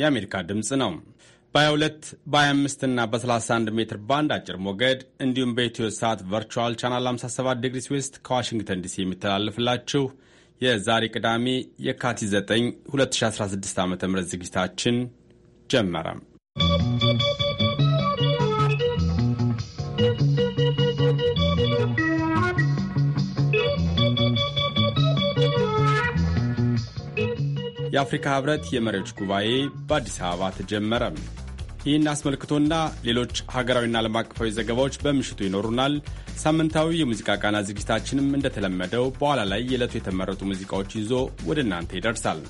የአሜሪካ ድምፅ ነው። በ22 በ25 እና በ31 ሜትር ባንድ አጭር ሞገድ እንዲሁም በኢትዮ ሰዓት ቨርቹዋል ቻናል 57 ዲግሪ ዌስት ከዋሽንግተን ዲሲ የሚተላለፍላችሁ የዛሬ ቅዳሜ የካቲት 9 2016 ዓ ም ዝግጅታችን ጀመረ። የአፍሪካ ህብረት የመሪዎች ጉባኤ በአዲስ አበባ ተጀመረ። ይህን አስመልክቶና ሌሎች ሀገራዊና ዓለም አቀፋዊ ዘገባዎች በምሽቱ ይኖሩናል። ሳምንታዊ የሙዚቃ ቃና ዝግጅታችንም እንደተለመደው በኋላ ላይ የዕለቱ የተመረጡ ሙዚቃዎች ይዞ ወደ እናንተ ይደርሳል።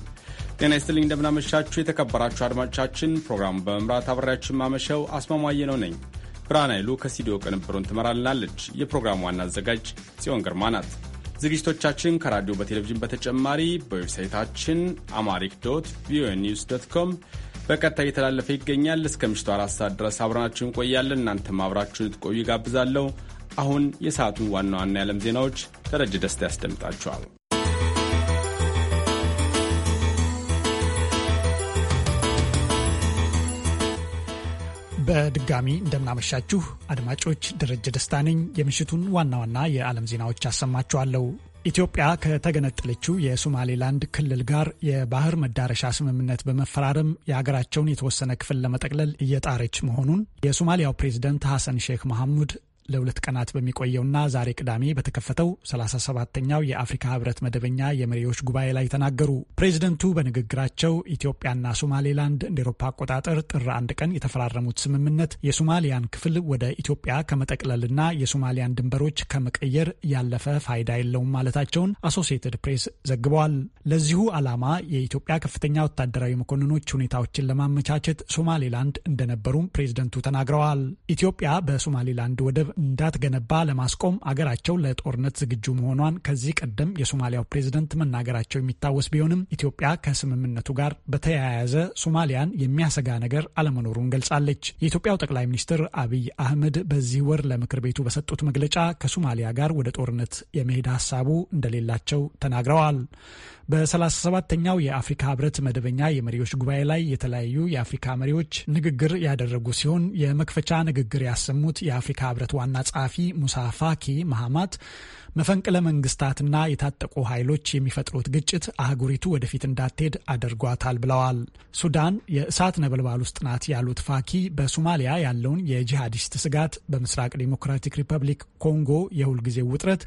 ጤና ይስጥልኝ፣ እንደምናመሻችሁ የተከበራችሁ አድማጮቻችን። ፕሮግራሙ በመምራት አብሬያችን ማመሸው አስማማየ ነው ነኝ። ብርሃን ኃይሉ ከስቱዲዮ ቅንብሩን ትመራልናለች። የፕሮግራሙ ዋና አዘጋጅ ጽዮን ግርማ ናት። ዝግጅቶቻችን ከራዲዮ በቴሌቪዥን በተጨማሪ በዌብሳይታችን አማሪክ ዶት ቪኦኤ ኒውስ ዶት ኮም በቀጥታ እየተላለፈ ይገኛል። እስከ ምሽቱ አራት ሰዓት ድረስ አብረናችሁ እንቆያለን። እናንተም አብራችሁን ልትቆዩ ጋብዛለሁ። አሁን የሰዓቱን ዋና ዋና የዓለም ዜናዎች ደረጀ ደስታ ያስደምጣችኋል። በድጋሚ እንደምናመሻችሁ አድማጮች፣ ደረጀ ደስታ ነኝ። የምሽቱን ዋና ዋና የዓለም ዜናዎች አሰማችኋለሁ። ኢትዮጵያ ከተገነጠለችው የሶማሌላንድ ክልል ጋር የባህር መዳረሻ ስምምነት በመፈራረም የሀገራቸውን የተወሰነ ክፍል ለመጠቅለል እየጣረች መሆኑን የሶማሊያው ፕሬዝደንት ሐሰን ሼክ መሐሙድ ለሁለት ቀናት በሚቆየውና ዛሬ ቅዳሜ በተከፈተው 37ተኛው የአፍሪካ ህብረት መደበኛ የመሪዎች ጉባኤ ላይ ተናገሩ። ፕሬዚደንቱ በንግግራቸው ኢትዮጵያና ሶማሌላንድ እንደ ኤሮፓ አቆጣጠር ጥር አንድ ቀን የተፈራረሙት ስምምነት የሶማሊያን ክፍል ወደ ኢትዮጵያ ከመጠቅለልና የሶማሊያን ድንበሮች ከመቀየር ያለፈ ፋይዳ የለውም ማለታቸውን አሶሲየትድ ፕሬስ ዘግበዋል። ለዚሁ ዓላማ የኢትዮጵያ ከፍተኛ ወታደራዊ መኮንኖች ሁኔታዎችን ለማመቻቸት ሶማሌላንድ እንደነበሩም ፕሬዚደንቱ ተናግረዋል። ኢትዮጵያ በሶማሌላንድ ወደብ እንዳትገነባ ለማስቆም አገራቸው ለጦርነት ዝግጁ መሆኗን ከዚህ ቀደም የሶማሊያው ፕሬዝደንት መናገራቸው የሚታወስ ቢሆንም ኢትዮጵያ ከስምምነቱ ጋር በተያያዘ ሶማሊያን የሚያሰጋ ነገር አለመኖሩን ገልጻለች። የኢትዮጵያው ጠቅላይ ሚኒስትር አብይ አህመድ በዚህ ወር ለምክር ቤቱ በሰጡት መግለጫ ከሶማሊያ ጋር ወደ ጦርነት የመሄድ ሀሳቡ እንደሌላቸው ተናግረዋል። በ 37 ተኛው የአፍሪካ ህብረት መደበኛ የመሪዎች ጉባኤ ላይ የተለያዩ የአፍሪካ መሪዎች ንግግር ያደረጉ ሲሆን የመክፈቻ ንግግር ያሰሙት የአፍሪካ ህብረት ዋና ጸሐፊ ሙሳ ፋኪ መሐማት መፈንቅለ መንግስታትና የታጠቁ ኃይሎች የሚፈጥሩት ግጭት አህጉሪቱ ወደፊት እንዳትሄድ አድርጓታል ብለዋል። ሱዳን የእሳት ነበልባል ውስጥ ናት ያሉት ፋኪ በሶማሊያ ያለውን የጂሃዲስት ስጋት፣ በምስራቅ ዲሞክራቲክ ሪፐብሊክ ኮንጎ የሁልጊዜ ውጥረት፣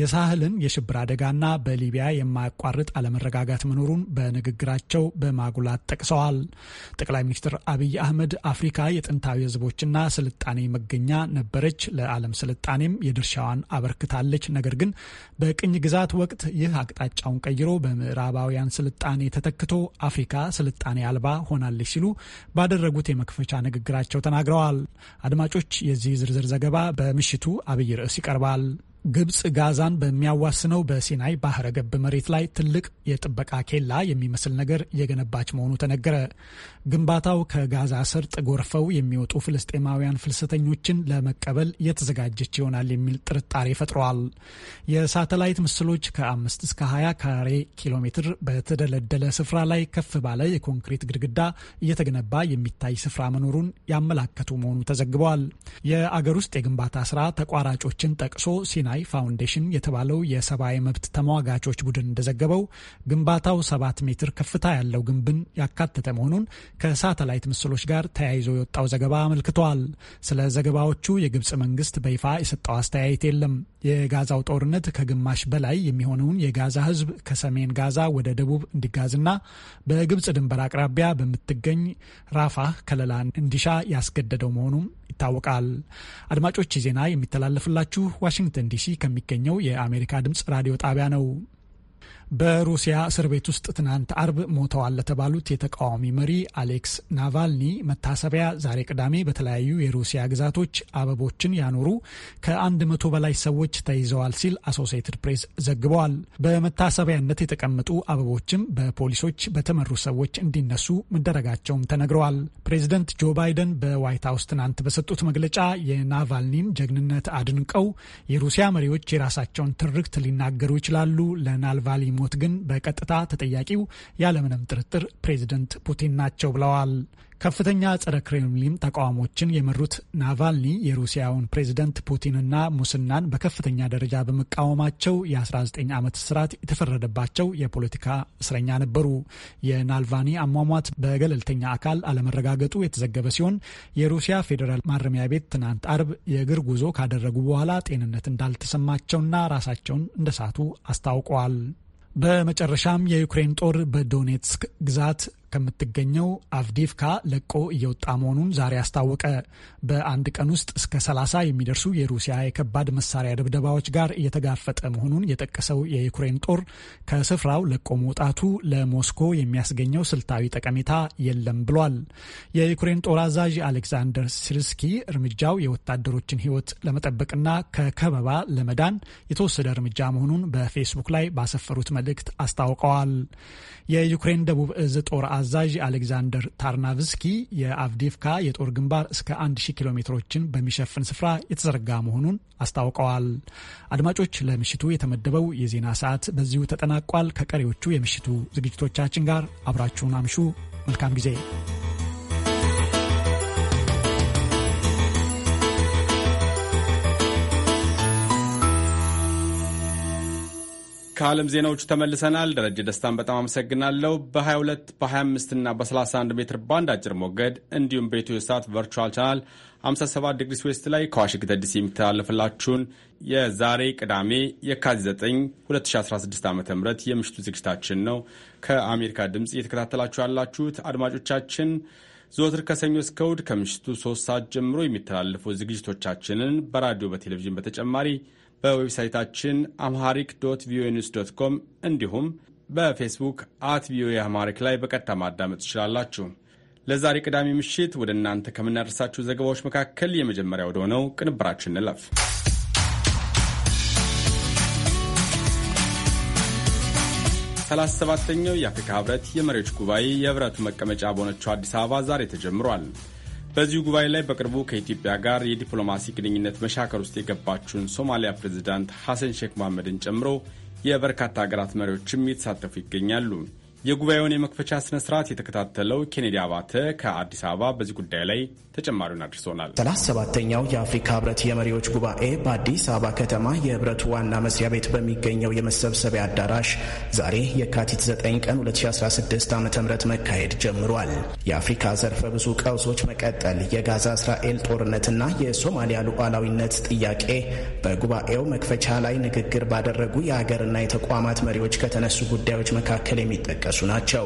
የሳህልን የሽብር አደጋና በሊቢያ የማያቋርጥ አለመረጋጋት መኖሩን በንግግራቸው በማጉላት ጠቅሰዋል። ጠቅላይ ሚኒስትር አብይ አህመድ አፍሪካ የጥንታዊ ህዝቦችና ስልጣኔ መገኛ ነበረች፣ ለዓለም ስልጣኔም የድርሻዋን አበርክታለች ነገ ነገር ግን በቅኝ ግዛት ወቅት ይህ አቅጣጫውን ቀይሮ በምዕራባውያን ስልጣኔ ተተክቶ አፍሪካ ስልጣኔ አልባ ሆናለች ሲሉ ባደረጉት የመክፈቻ ንግግራቸው ተናግረዋል። አድማጮች፣ የዚህ ዝርዝር ዘገባ በምሽቱ አብይ ርዕስ ይቀርባል። ግብጽ ጋዛን በሚያዋስነው በሲናይ ባህረ ገብ መሬት ላይ ትልቅ የጥበቃ ኬላ የሚመስል ነገር የገነባች መሆኑ ተነገረ። ግንባታው ከጋዛ ሰርጥ ጎርፈው የሚወጡ ፍልስጤማውያን ፍልሰተኞችን ለመቀበል እየተዘጋጀች ይሆናል የሚል ጥርጣሬ ፈጥረዋል። የሳተላይት ምስሎች 5 እስከ 20 ካሬ ኪሎ ሜትር በተደለደለ ስፍራ ላይ ከፍ ባለ የኮንክሪት ግድግዳ እየተገነባ የሚታይ ስፍራ መኖሩን ያመላከቱ መሆኑ ተዘግበዋል። የአገር ውስጥ የግንባታ ስራ ተቋራጮችን ጠቅሶ ሲና ሲናይ ፋውንዴሽን የተባለው የሰብአዊ መብት ተሟጋቾች ቡድን እንደዘገበው ግንባታው ሰባት ሜትር ከፍታ ያለው ግንብን ያካተተ መሆኑን ከሳተላይት ምስሎች ጋር ተያይዞ የወጣው ዘገባ አመልክተዋል። ስለ ዘገባዎቹ የግብፅ መንግስት በይፋ የሰጠው አስተያየት የለም። የጋዛው ጦርነት ከግማሽ በላይ የሚሆነውን የጋዛ ህዝብ ከሰሜን ጋዛ ወደ ደቡብ እንዲጋዝና በግብፅ ድንበር አቅራቢያ በምትገኝ ራፋህ ከለላ እንዲሻ ያስገደደው መሆኑም ይታወቃል። አድማጮች ዜና የሚተላለፍላችሁ ዋሽንግተን ዲሲ ከሚገኘው የአሜሪካ ድምፅ ራዲዮ ጣቢያ ነው። በሩሲያ እስር ቤት ውስጥ ትናንት አርብ ሞተዋል ለተባሉት የተቃዋሚ መሪ አሌክስ ናቫልኒ መታሰቢያ ዛሬ ቅዳሜ በተለያዩ የሩሲያ ግዛቶች አበቦችን ያኖሩ ከአንድ መቶ በላይ ሰዎች ተይዘዋል ሲል አሶሲየትድ ፕሬስ ዘግበዋል። በመታሰቢያነት የተቀመጡ አበቦችም በፖሊሶች በተመሩ ሰዎች እንዲነሱ መደረጋቸውም ተነግረዋል። ፕሬዚደንት ጆ ባይደን በዋይት ሀውስ ትናንት በሰጡት መግለጫ የናቫልኒን ጀግንነት አድንቀው የሩሲያ መሪዎች የራሳቸውን ትርክት ሊናገሩ ይችላሉ ለናልቫሊ ሞት ግን በቀጥታ ተጠያቂው ያለምንም ጥርጥር ፕሬዚደንት ፑቲን ናቸው ብለዋል። ከፍተኛ ጸረ ክሬምሊን ተቃዋሞችን የመሩት ናቫልኒ የሩሲያውን ፕሬዝደንት ፑቲንና ሙስናን በከፍተኛ ደረጃ በመቃወማቸው የ19 ዓመት እስራት የተፈረደባቸው የፖለቲካ እስረኛ ነበሩ። የናልቫኒ አሟሟት በገለልተኛ አካል አለመረጋገጡ የተዘገበ ሲሆን የሩሲያ ፌዴራል ማረሚያ ቤት ትናንት አርብ የእግር ጉዞ ካደረጉ በኋላ ጤንነት እንዳልተሰማቸውና ራሳቸውን እንደሳቱ አስታውቀዋል። በመጨረሻም የዩክሬን ጦር በዶኔትስክ ግዛት ከምትገኘው አቭዲቭካ ለቆ እየወጣ መሆኑን ዛሬ አስታወቀ። በአንድ ቀን ውስጥ እስከ 30 የሚደርሱ የሩሲያ የከባድ መሳሪያ ድብደባዎች ጋር እየተጋፈጠ መሆኑን የጠቀሰው የዩክሬን ጦር ከስፍራው ለቆ መውጣቱ ለሞስኮ የሚያስገኘው ስልታዊ ጠቀሜታ የለም ብሏል። የዩክሬን ጦር አዛዥ አሌክዛንደር ሲልስኪ እርምጃው የወታደሮችን ሕይወት ለመጠበቅና ከከበባ ለመዳን የተወሰደ እርምጃ መሆኑን በፌስቡክ ላይ ባሰፈሩት መልእክት አስታውቀዋል። የዩክሬን ደቡብ እዝ ጦር አዛዥ አሌግዛንደር ታርናቭስኪ የአቭዲፍካ የጦር ግንባር እስከ 1000 ኪሎ ሜትሮችን በሚሸፍን ስፍራ የተዘረጋ መሆኑን አስታውቀዋል። አድማጮች፣ ለምሽቱ የተመደበው የዜና ሰዓት በዚሁ ተጠናቋል። ከቀሪዎቹ የምሽቱ ዝግጅቶቻችን ጋር አብራችሁን አምሹ። መልካም ጊዜ ከዓለም ዜናዎቹ ተመልሰናል። ደረጀ ደስታን በጣም አመሰግናለሁ። በ22 በ25 እና በ31 ሜትር ባንድ አጭር ሞገድ እንዲሁም በኢትዮ ሳት ቨርቹዋል ቻናል 57 ዲግሪስ ዌስት ላይ ከዋሽንግተን ዲሲ የሚተላለፍላችሁን የዛሬ ቅዳሜ የካቲት 9 2016 ዓ ም የምሽቱ ዝግጅታችን ነው ከአሜሪካ ድምፅ እየተከታተላችሁ ያላችሁት አድማጮቻችን ዘወትር ከሰኞ እስከ እሁድ ከምሽቱ 3 ሰዓት ጀምሮ የሚተላለፉ ዝግጅቶቻችንን በራዲዮ በቴሌቪዥን በተጨማሪ በዌብሳይታችን አምሃሪክ ዶት ቪኦኤ ኒውስ ዶት ኮም እንዲሁም በፌስቡክ አት ቪኦኤ አማሪክ ላይ በቀጥታ ማዳመጥ ትችላላችሁ። ለዛሬ ቅዳሜ ምሽት ወደ እናንተ ከምናደርሳችሁ ዘገባዎች መካከል የመጀመሪያ ወደ ሆነው ቅንብራችን እንለፍ። ሰላሳ ሰባተኛው የአፍሪካ ህብረት የመሪዎች ጉባኤ የህብረቱ መቀመጫ በሆነችው አዲስ አበባ ዛሬ ተጀምሯል። በዚሁ ጉባኤ ላይ በቅርቡ ከኢትዮጵያ ጋር የዲፕሎማሲ ግንኙነት መሻከር ውስጥ የገባችውን ሶማሊያ ፕሬዚዳንት ሐሰን ሼክ መሐመድን ጨምሮ የበርካታ ሀገራት መሪዎችም እየተሳተፉ ይገኛሉ። የጉባኤውን የመክፈቻ ስነ ስርዓት የተከታተለው ኬኔዲ አባተ ከአዲስ አበባ በዚህ ጉዳይ ላይ ተጨማሪውን አድርሶናል። ሰላሳ ሰባተኛው የአፍሪካ ህብረት የመሪዎች ጉባኤ በአዲስ አበባ ከተማ የህብረቱ ዋና መስሪያ ቤት በሚገኘው የመሰብሰቢያ አዳራሽ ዛሬ የካቲት 9 ቀን 2016 ዓ ም መካሄድ ጀምሯል። የአፍሪካ ዘርፈ ብዙ ቀውሶች መቀጠል፣ የጋዛ እስራኤል ጦርነትና የሶማሊያ ሉዓላዊነት ጥያቄ በጉባኤው መክፈቻ ላይ ንግግር ባደረጉ የሀገርና የተቋማት መሪዎች ከተነሱ ጉዳዮች መካከል የሚጠቀ የሚጠቀሱ ናቸው።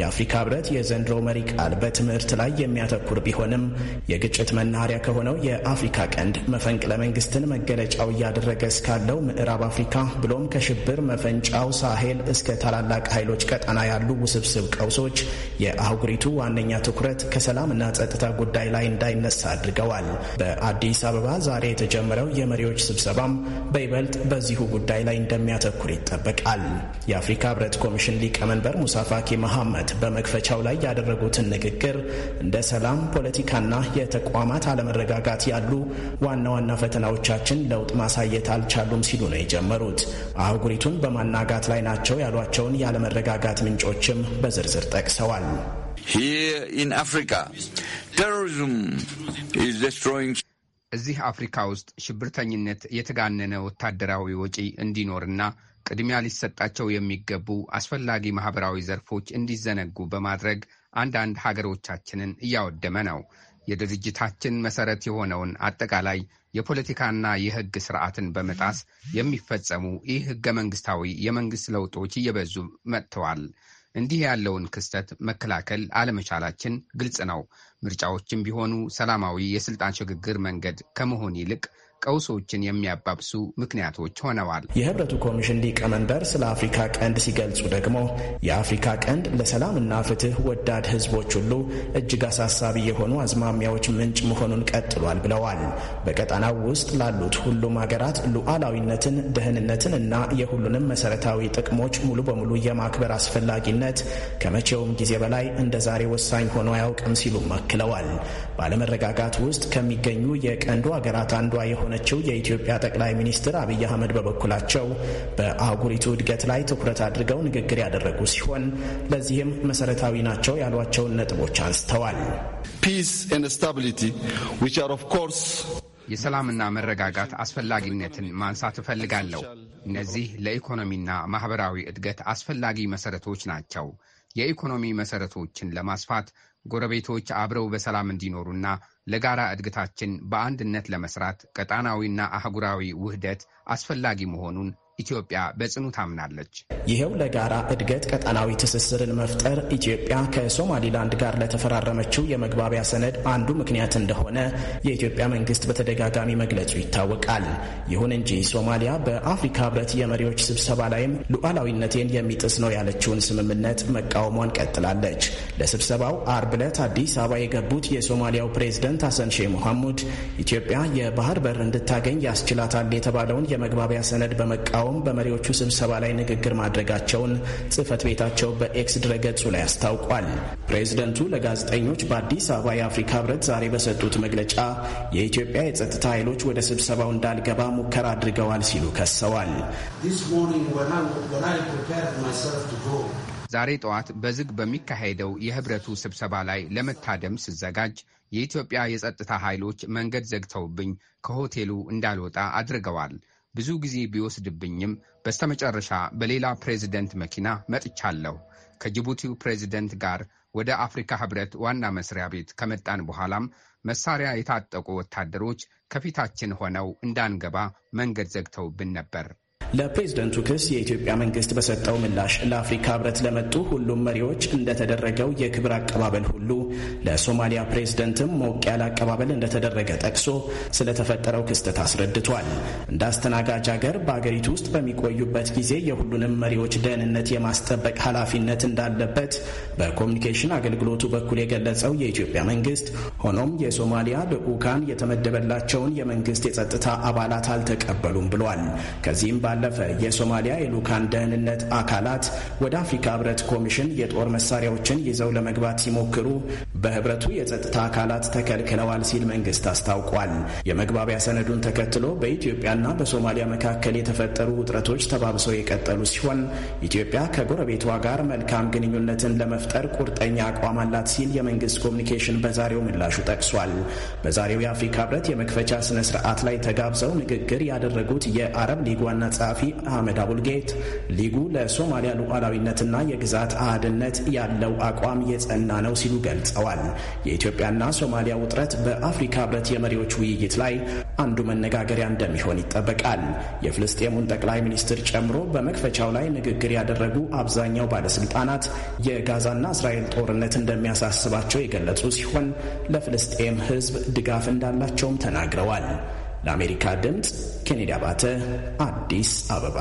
የአፍሪካ ህብረት የዘንድሮ መሪ ቃል በትምህርት ላይ የሚያተኩር ቢሆንም የግጭት መናኸሪያ ከሆነው የአፍሪካ ቀንድ መፈንቅለ መንግስትን መገለጫው እያደረገ እስካለው ምዕራብ አፍሪካ ብሎም ከሽብር መፈንጫው ሳሄል እስከ ታላላቅ ኃይሎች ቀጠና ያሉ ውስብስብ ቀውሶች የአህጉሪቱ ዋነኛ ትኩረት ከሰላምና ጸጥታ ጉዳይ ላይ እንዳይነሳ አድርገዋል። በአዲስ አበባ ዛሬ የተጀመረው የመሪዎች ስብሰባም በይበልጥ በዚሁ ጉዳይ ላይ እንደሚያተኩር ይጠበቃል። የአፍሪካ ህብረት ኮሚሽን ሊቀመንበር ሙሳ ፋኪ መሐመድ በመክፈቻው ላይ ያደረጉትን ንግግር እንደ ሰላም፣ ፖለቲካና የተቋማት አለመረጋጋት ያሉ ዋና ዋና ፈተናዎቻችን ለውጥ ማሳየት አልቻሉም ሲሉ ነው የጀመሩት። አህጉሪቱን በማናጋት ላይ ናቸው ያሏቸውን ያለመረጋጋት ምንጮችም በዝርዝር ጠቅሰዋል። እዚህ አፍሪካ ውስጥ ሽብርተኝነት የተጋነነ ወታደራዊ ወጪ እንዲኖርና ቅድሚያ ሊሰጣቸው የሚገቡ አስፈላጊ ማህበራዊ ዘርፎች እንዲዘነጉ በማድረግ አንዳንድ ሀገሮቻችንን እያወደመ ነው። የድርጅታችን መሰረት የሆነውን አጠቃላይ የፖለቲካና የህግ ስርዓትን በመጣስ የሚፈጸሙ ይህ ህገ መንግስታዊ የመንግስት ለውጦች እየበዙ መጥተዋል። እንዲህ ያለውን ክስተት መከላከል አለመቻላችን ግልጽ ነው። ምርጫዎችም ቢሆኑ ሰላማዊ የስልጣን ሽግግር መንገድ ከመሆን ይልቅ ቀውሶችን የሚያባብሱ ምክንያቶች ሆነዋል። የህብረቱ ኮሚሽን ሊቀመንበር ስለ አፍሪካ ቀንድ ሲገልጹ ደግሞ የአፍሪካ ቀንድ ለሰላምና ፍትህ ወዳድ ህዝቦች ሁሉ እጅግ አሳሳቢ የሆኑ አዝማሚያዎች ምንጭ መሆኑን ቀጥሏል ብለዋል። በቀጠናው ውስጥ ላሉት ሁሉም ሀገራት ሉዓላዊነትን፣ ደህንነትን እና የሁሉንም መሰረታዊ ጥቅሞች ሙሉ በሙሉ የማክበር አስፈላጊነት ከመቼውም ጊዜ በላይ እንደ ዛሬ ወሳኝ ሆኖ አያውቅም ሲሉም አክለዋል። ባለመረጋጋት ውስጥ ከሚገኙ የቀንዱ ሀገራት አንዷ የሆነችው የኢትዮጵያ ጠቅላይ ሚኒስትር አብይ አህመድ በበኩላቸው በአህጉሪቱ እድገት ላይ ትኩረት አድርገው ንግግር ያደረጉ ሲሆን ለዚህም መሰረታዊ ናቸው ያሏቸውን ነጥቦች አንስተዋል። ፒስ ኤንድ ስታቢሊቲ ዊች አር ኦፍ ኮርስ የሰላምና መረጋጋት አስፈላጊነትን ማንሳት እፈልጋለሁ። እነዚህ ለኢኮኖሚና ማህበራዊ እድገት አስፈላጊ መሰረቶች ናቸው። የኢኮኖሚ መሰረቶችን ለማስፋት ጎረቤቶች አብረው በሰላም እንዲኖሩና ለጋራ እድገታችን በአንድነት ለመስራት ቀጣናዊና አህጉራዊ ውህደት አስፈላጊ መሆኑን ኢትዮጵያ በጽኑ ታምናለች። ይኸው ለጋራ እድገት ቀጠናዊ ትስስርን መፍጠር ኢትዮጵያ ከሶማሊላንድ ጋር ለተፈራረመችው የመግባቢያ ሰነድ አንዱ ምክንያት እንደሆነ የኢትዮጵያ መንግስት በተደጋጋሚ መግለጹ ይታወቃል። ይሁን እንጂ ሶማሊያ በአፍሪካ ህብረት የመሪዎች ስብሰባ ላይም ሉዓላዊነቴን የሚጥስ ነው ያለችውን ስምምነት መቃወሟን ቀጥላለች። ለስብሰባው አርብ ዕለት አዲስ አበባ የገቡት የሶማሊያው ፕሬዝደንት ሀሰን ሼህ መሐሙድ ኢትዮጵያ የባህር በር እንድታገኝ ያስችላታል የተባለውን የመግባቢያ ሰነድ በመቃወም በመቃወም በመሪዎቹ ስብሰባ ላይ ንግግር ማድረጋቸውን ጽህፈት ቤታቸው በኤክስ ድረገጹ ላይ አስታውቋል። ፕሬዝደንቱ ለጋዜጠኞች በአዲስ አበባ የአፍሪካ ህብረት ዛሬ በሰጡት መግለጫ የኢትዮጵያ የጸጥታ ኃይሎች ወደ ስብሰባው እንዳልገባ ሙከራ አድርገዋል ሲሉ ከሰዋል። ዛሬ ጠዋት በዝግ በሚካሄደው የህብረቱ ስብሰባ ላይ ለመታደም ስዘጋጅ የኢትዮጵያ የጸጥታ ኃይሎች መንገድ ዘግተውብኝ ከሆቴሉ እንዳልወጣ አድርገዋል። ብዙ ጊዜ ቢወስድብኝም በስተመጨረሻ በሌላ ፕሬዚደንት መኪና መጥቻለሁ። ከጅቡቲው ፕሬዚደንት ጋር ወደ አፍሪካ ህብረት ዋና መስሪያ ቤት ከመጣን በኋላም መሳሪያ የታጠቁ ወታደሮች ከፊታችን ሆነው እንዳንገባ መንገድ ዘግተውብን ነበር። ለፕሬዝደንቱ ክስ የኢትዮጵያ መንግስት በሰጠው ምላሽ ለአፍሪካ ህብረት ለመጡ ሁሉም መሪዎች እንደተደረገው የክብር አቀባበል ሁሉ ለሶማሊያ ፕሬዝደንትም ሞቅ ያለ አቀባበል እንደተደረገ ጠቅሶ ስለተፈጠረው ክስተት አስረድቷል። እንደ አስተናጋጅ አገር በአገሪቱ ውስጥ በሚቆዩበት ጊዜ የሁሉንም መሪዎች ደህንነት የማስጠበቅ ኃላፊነት እንዳለበት በኮሚኒኬሽን አገልግሎቱ በኩል የገለጸው የኢትዮጵያ መንግስት ሆኖም የሶማሊያ ልዑካን የተመደበላቸውን የመንግስት የጸጥታ አባላት አልተቀበሉም ብሏል። ከዚህም እንዳለፈ የሶማሊያ የልኡካን ደህንነት አካላት ወደ አፍሪካ ህብረት ኮሚሽን የጦር መሳሪያዎችን ይዘው ለመግባት ሲሞክሩ በህብረቱ የጸጥታ አካላት ተከልክለዋል ሲል መንግስት አስታውቋል። የመግባቢያ ሰነዱን ተከትሎ በኢትዮጵያና በሶማሊያ መካከል የተፈጠሩ ውጥረቶች ተባብሰው የቀጠሉ ሲሆን ኢትዮጵያ ከጎረቤቷ ጋር መልካም ግንኙነትን ለመፍጠር ቁርጠኛ አቋም አላት ሲል የመንግስት ኮሚኒኬሽን በዛሬው ምላሹ ጠቅሷል። በዛሬው የአፍሪካ ህብረት የመክፈቻ ስነ ስርዓት ላይ ተጋብዘው ንግግር ያደረጉት የአረብ ሊግ ዋና ጸሐፊ አህመድ አቡልጌት ሊጉ ለሶማሊያ ሉዓላዊነትና የግዛት አህድነት ያለው አቋም የጸና ነው ሲሉ ገልጸዋል። የኢትዮጵያና ሶማሊያ ውጥረት በአፍሪካ ህብረት የመሪዎች ውይይት ላይ አንዱ መነጋገሪያ እንደሚሆን ይጠበቃል። የፍልስጤሙን ጠቅላይ ሚኒስትር ጨምሮ በመክፈቻው ላይ ንግግር ያደረጉ አብዛኛው ባለስልጣናት የጋዛና እስራኤል ጦርነት እንደሚያሳስባቸው የገለጹ ሲሆን ለፍልስጤም ህዝብ ድጋፍ እንዳላቸውም ተናግረዋል። ለአሜሪካ ድምፅ ኬኔዲ አባተ አዲስ አበባ።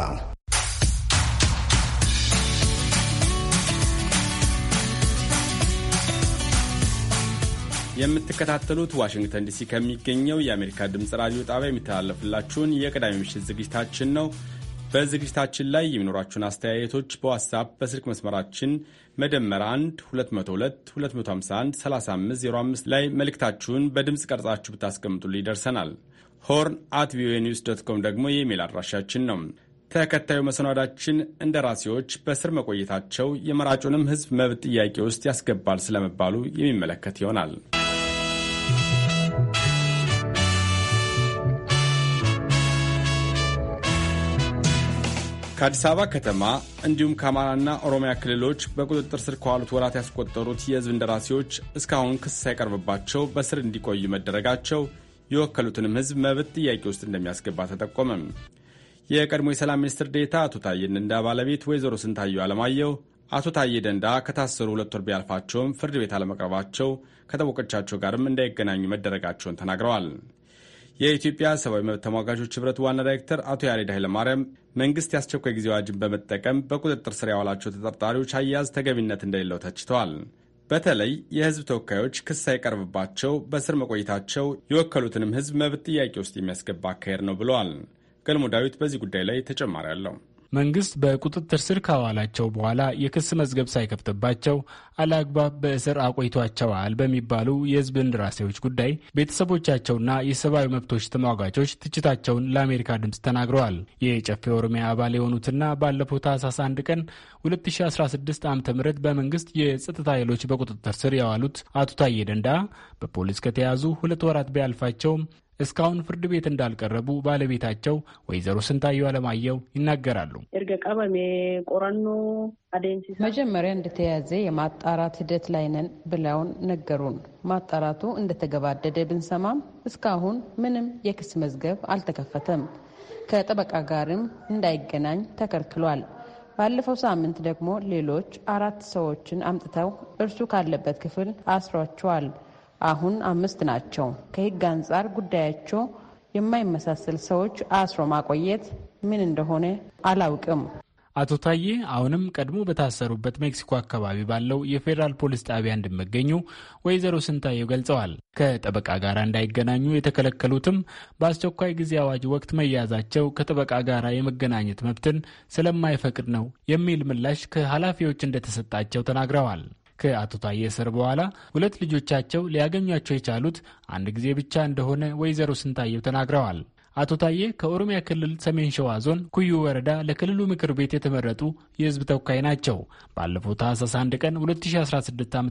የምትከታተሉት ዋሽንግተን ዲሲ ከሚገኘው የአሜሪካ ድምፅ ራዲዮ ጣቢያ የሚተላለፍላችሁን የቅዳሜ ምሽት ዝግጅታችን ነው። በዝግጅታችን ላይ የሚኖራችሁን አስተያየቶች በዋትሳፕ በስልክ መስመራችን መደመር 1 202 251 3505 ላይ መልእክታችሁን በድምፅ ቀርጻችሁ ብታስቀምጡልን ይደርሰናል። ሆርን አት ቪኦኤ ኒውስ ዶት ኮም ደግሞ የኢሜል አድራሻችን ነው። ተከታዩ መሰናዳችን እንደራሴዎች በስር መቆየታቸው የመራጩንም ሕዝብ መብት ጥያቄ ውስጥ ያስገባል ስለመባሉ የሚመለከት ይሆናል። ከአዲስ አበባ ከተማ እንዲሁም ከአማራና ኦሮሚያ ክልሎች በቁጥጥር ስር ከዋሉት ወራት ያስቆጠሩት የህዝብ እንደራሴዎች እስካሁን ክስ ሳይቀርብባቸው በስር እንዲቆዩ መደረጋቸው የወከሉትንም ህዝብ መብት ጥያቄ ውስጥ እንደሚያስገባ ተጠቆመም። የቀድሞ የሰላም ሚኒስትር ዴታ አቶ ታዬ ደንዳ ባለቤት ወይዘሮ ስንታየው አለማየሁ አቶ ታዬ ደንዳ ከታሰሩ ሁለት ወር ቢያልፋቸውም ፍርድ ቤት አለመቅረባቸው ከጠበቆቻቸው ጋርም እንዳይገናኙ መደረጋቸውን ተናግረዋል። የኢትዮጵያ ሰብአዊ መብት ተሟጋቾች ህብረት ዋና ዳይሬክተር አቶ ያሬድ ኃይለማርያም መንግስት የአስቸኳይ ጊዜ አዋጅን በመጠቀም በቁጥጥር ስር ያዋላቸው ተጠርጣሪዎች አያያዝ ተገቢነት እንደሌለው ተችተዋል። በተለይ የህዝብ ተወካዮች ክስ ሳይቀርብባቸው በስር መቆየታቸው የወከሉትንም ህዝብ መብት ጥያቄ ውስጥ የሚያስገባ አካሄድ ነው ብለዋል። ገልሞ ዳዊት በዚህ ጉዳይ ላይ ተጨማሪ አለው። መንግስት በቁጥጥር ስር ካዋላቸው በኋላ የክስ መዝገብ ሳይከፍትባቸው አላግባብ በእስር አቆይቷቸዋል በሚባሉ የህዝብ እንደራሴዎች ጉዳይ ቤተሰቦቻቸውና የሰብአዊ መብቶች ተሟጋቾች ትችታቸውን ለአሜሪካ ድምፅ ተናግረዋል። የጨፌ ኦሮሚያ አባል የሆኑትና ባለፈው ታህሳስ 1 ቀን 2016 ዓ ም በመንግስት የጸጥታ ኃይሎች በቁጥጥር ስር ያዋሉት አቶ ታዬ ደንዳ በፖሊስ ከተያዙ ሁለት ወራት ቢያልፋቸውም እስካሁን ፍርድ ቤት እንዳልቀረቡ ባለቤታቸው ወይዘሮ ስንታየው አለማየው ይናገራሉ። መጀመሪያ እንደተያዘ የማጣራት ሂደት ላይ ነን ብለውን ነገሩን። ማጣራቱ እንደተገባደደ ብንሰማም እስካሁን ምንም የክስ መዝገብ አልተከፈተም። ከጠበቃ ጋርም እንዳይገናኝ ተከልክሏል። ባለፈው ሳምንት ደግሞ ሌሎች አራት ሰዎችን አምጥተው እርሱ ካለበት ክፍል አስሯቸዋል። አሁን አምስት ናቸው። ከህግ አንጻር ጉዳያቸው የማይመሳሰል ሰዎች አስሮ ማቆየት ምን እንደሆነ አላውቅም። አቶ ታዬ አሁንም ቀድሞ በታሰሩበት ሜክሲኮ አካባቢ ባለው የፌዴራል ፖሊስ ጣቢያ እንደሚገኙ ወይዘሮ ስንታየው ገልጸዋል። ከጠበቃ ጋር እንዳይገናኙ የተከለከሉትም በአስቸኳይ ጊዜ አዋጅ ወቅት መያዛቸው ከጠበቃ ጋር የመገናኘት መብትን ስለማይፈቅድ ነው የሚል ምላሽ ከኃላፊዎች እንደተሰጣቸው ተናግረዋል። ከአቶ ታዬ እስር በኋላ ሁለት ልጆቻቸው ሊያገኟቸው የቻሉት አንድ ጊዜ ብቻ እንደሆነ ወይዘሮ ስንታየው ተናግረዋል። አቶ ታዬ ከኦሮሚያ ክልል ሰሜን ሸዋ ዞን ኩዩ ወረዳ ለክልሉ ምክር ቤት የተመረጡ የህዝብ ተወካይ ናቸው። ባለፈው ታህሳስ 1 ቀን 2016 ዓ ም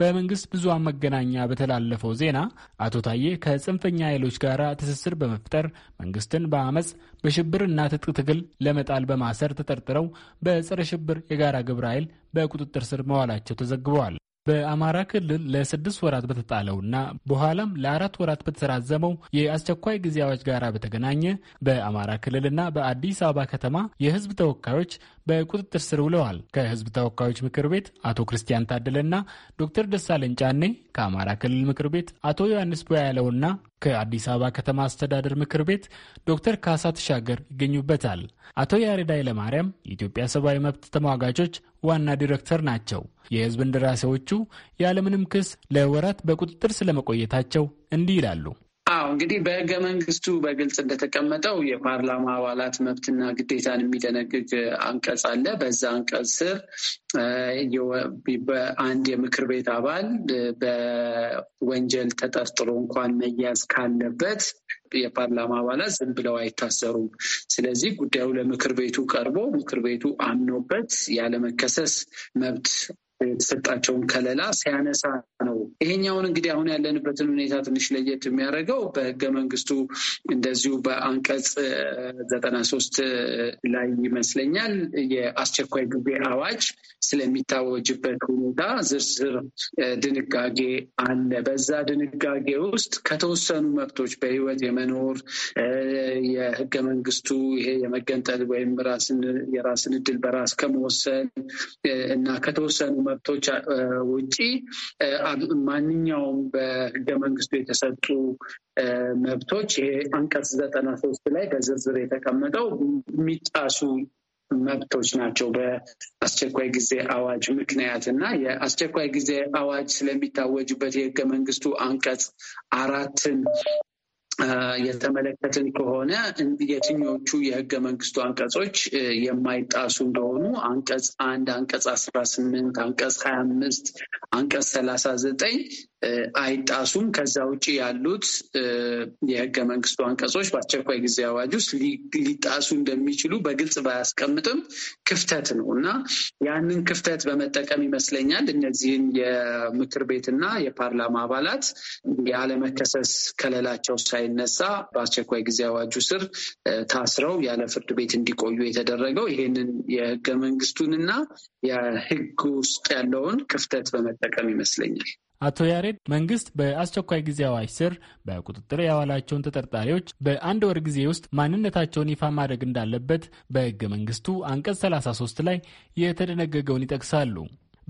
በመንግስት ብዙሃን መገናኛ በተላለፈው ዜና አቶ ታዬ ከጽንፈኛ ኃይሎች ጋር ትስስር በመፍጠር መንግስትን በአመፅ በሽብርና ትጥቅ ትግል ለመጣል በማሰር ተጠርጥረው በጸረ ሽብር የጋራ ግብረ ኃይል በቁጥጥር ስር መዋላቸው ተዘግበዋል። በአማራ ክልል ለስድስት ወራት በተጣለውና በኋላም ለአራት ወራት በተራዘመው የአስቸኳይ ጊዜ አዋጅ ጋር በተገናኘ በአማራ ክልልና በአዲስ አበባ ከተማ የህዝብ ተወካዮች በቁጥጥር ስር ውለዋል። ከህዝብ ተወካዮች ምክር ቤት አቶ ክርስቲያን ታደለና ዶክተር ደሳለኝ ጫኔ ከአማራ ክልል ምክር ቤት አቶ ዮሐንስ ያለውና ከአዲስ አበባ ከተማ አስተዳደር ምክር ቤት ዶክተር ካሳ ተሻገር ይገኙበታል። አቶ ያሬድ ኃይለማርያም የኢትዮጵያ ሰብአዊ መብት ተሟጋቾች ዋና ዲሬክተር ናቸው። የህዝብ እንደራሴዎቹ ያለምንም ክስ ለወራት በቁጥጥር ስለመቆየታቸው እንዲህ ይላሉ። አዎ እንግዲህ በህገ መንግስቱ በግልጽ እንደተቀመጠው የፓርላማ አባላት መብትና ግዴታን የሚደነግግ አንቀጽ አለ። በዛ አንቀጽ ስር በአንድ የምክር ቤት አባል በወንጀል ተጠርጥሮ እንኳን መያዝ ካለበት የፓርላማ አባላት ዝም ብለው አይታሰሩም። ስለዚህ ጉዳዩ ለምክር ቤቱ ቀርቦ ምክር ቤቱ አምኖበት ያለመከሰስ መብት የተሰጣቸውን ከለላ ሲያነሳ ነው። ይሄኛውን እንግዲህ አሁን ያለንበትን ሁኔታ ትንሽ ለየት የሚያደርገው በህገ መንግስቱ እንደዚሁ በአንቀጽ ዘጠና ሶስት ላይ ይመስለኛል የአስቸኳይ ጊዜ አዋጅ ስለሚታወጅበት ሁኔታ ዝርዝር ድንጋጌ አለ። በዛ ድንጋጌ ውስጥ ከተወሰኑ መብቶች በህይወት የመኖር የህገ መንግስቱ ይሄ የመገንጠል ወይም የራስን እድል በራስ ከመወሰን እና ከተወሰኑ መብቶች ውጪ ማንኛውም በህገ መንግስቱ የተሰጡ መብቶች ይሄ አንቀጽ ዘጠና ሶስት ላይ በዝርዝር የተቀመጠው የሚጣሱ መብቶች ናቸው። በአስቸኳይ ጊዜ አዋጅ ምክንያት እና የአስቸኳይ ጊዜ አዋጅ ስለሚታወጅበት የህገ መንግስቱ አንቀጽ አራትን የተመለከትን ከሆነ የትኞቹ የህገ መንግስቱ አንቀጾች የማይጣሱ እንደሆኑ አንቀጽ አንድ አንቀጽ አስራ ስምንት አንቀጽ ሀያ አምስት አንቀጽ ሰላሳ ዘጠኝ አይጣሱም። ከዛ ውጭ ያሉት የህገ መንግስቱ አንቀጾች በአስቸኳይ ጊዜ አዋጅ ውስጥ ሊጣሱ እንደሚችሉ በግልጽ ባያስቀምጥም ክፍተት ነው እና ያንን ክፍተት በመጠቀም ይመስለኛል እነዚህን የምክር ቤትና የፓርላማ አባላት የአለመከሰስ ከለላቸው ሳይ እንዳይነሳ በአስቸኳይ ጊዜ አዋጁ ስር ታስረው ያለ ፍርድ ቤት እንዲቆዩ የተደረገው ይህንን የህገ መንግስቱንና የህግ ውስጥ ያለውን ክፍተት በመጠቀም ይመስለኛል። አቶ ያሬድ መንግስት በአስቸኳይ ጊዜ አዋጅ ስር በቁጥጥር ያዋላቸውን ተጠርጣሪዎች በአንድ ወር ጊዜ ውስጥ ማንነታቸውን ይፋ ማድረግ እንዳለበት በህገ መንግስቱ አንቀጽ 33 ላይ የተደነገገውን ይጠቅሳሉ።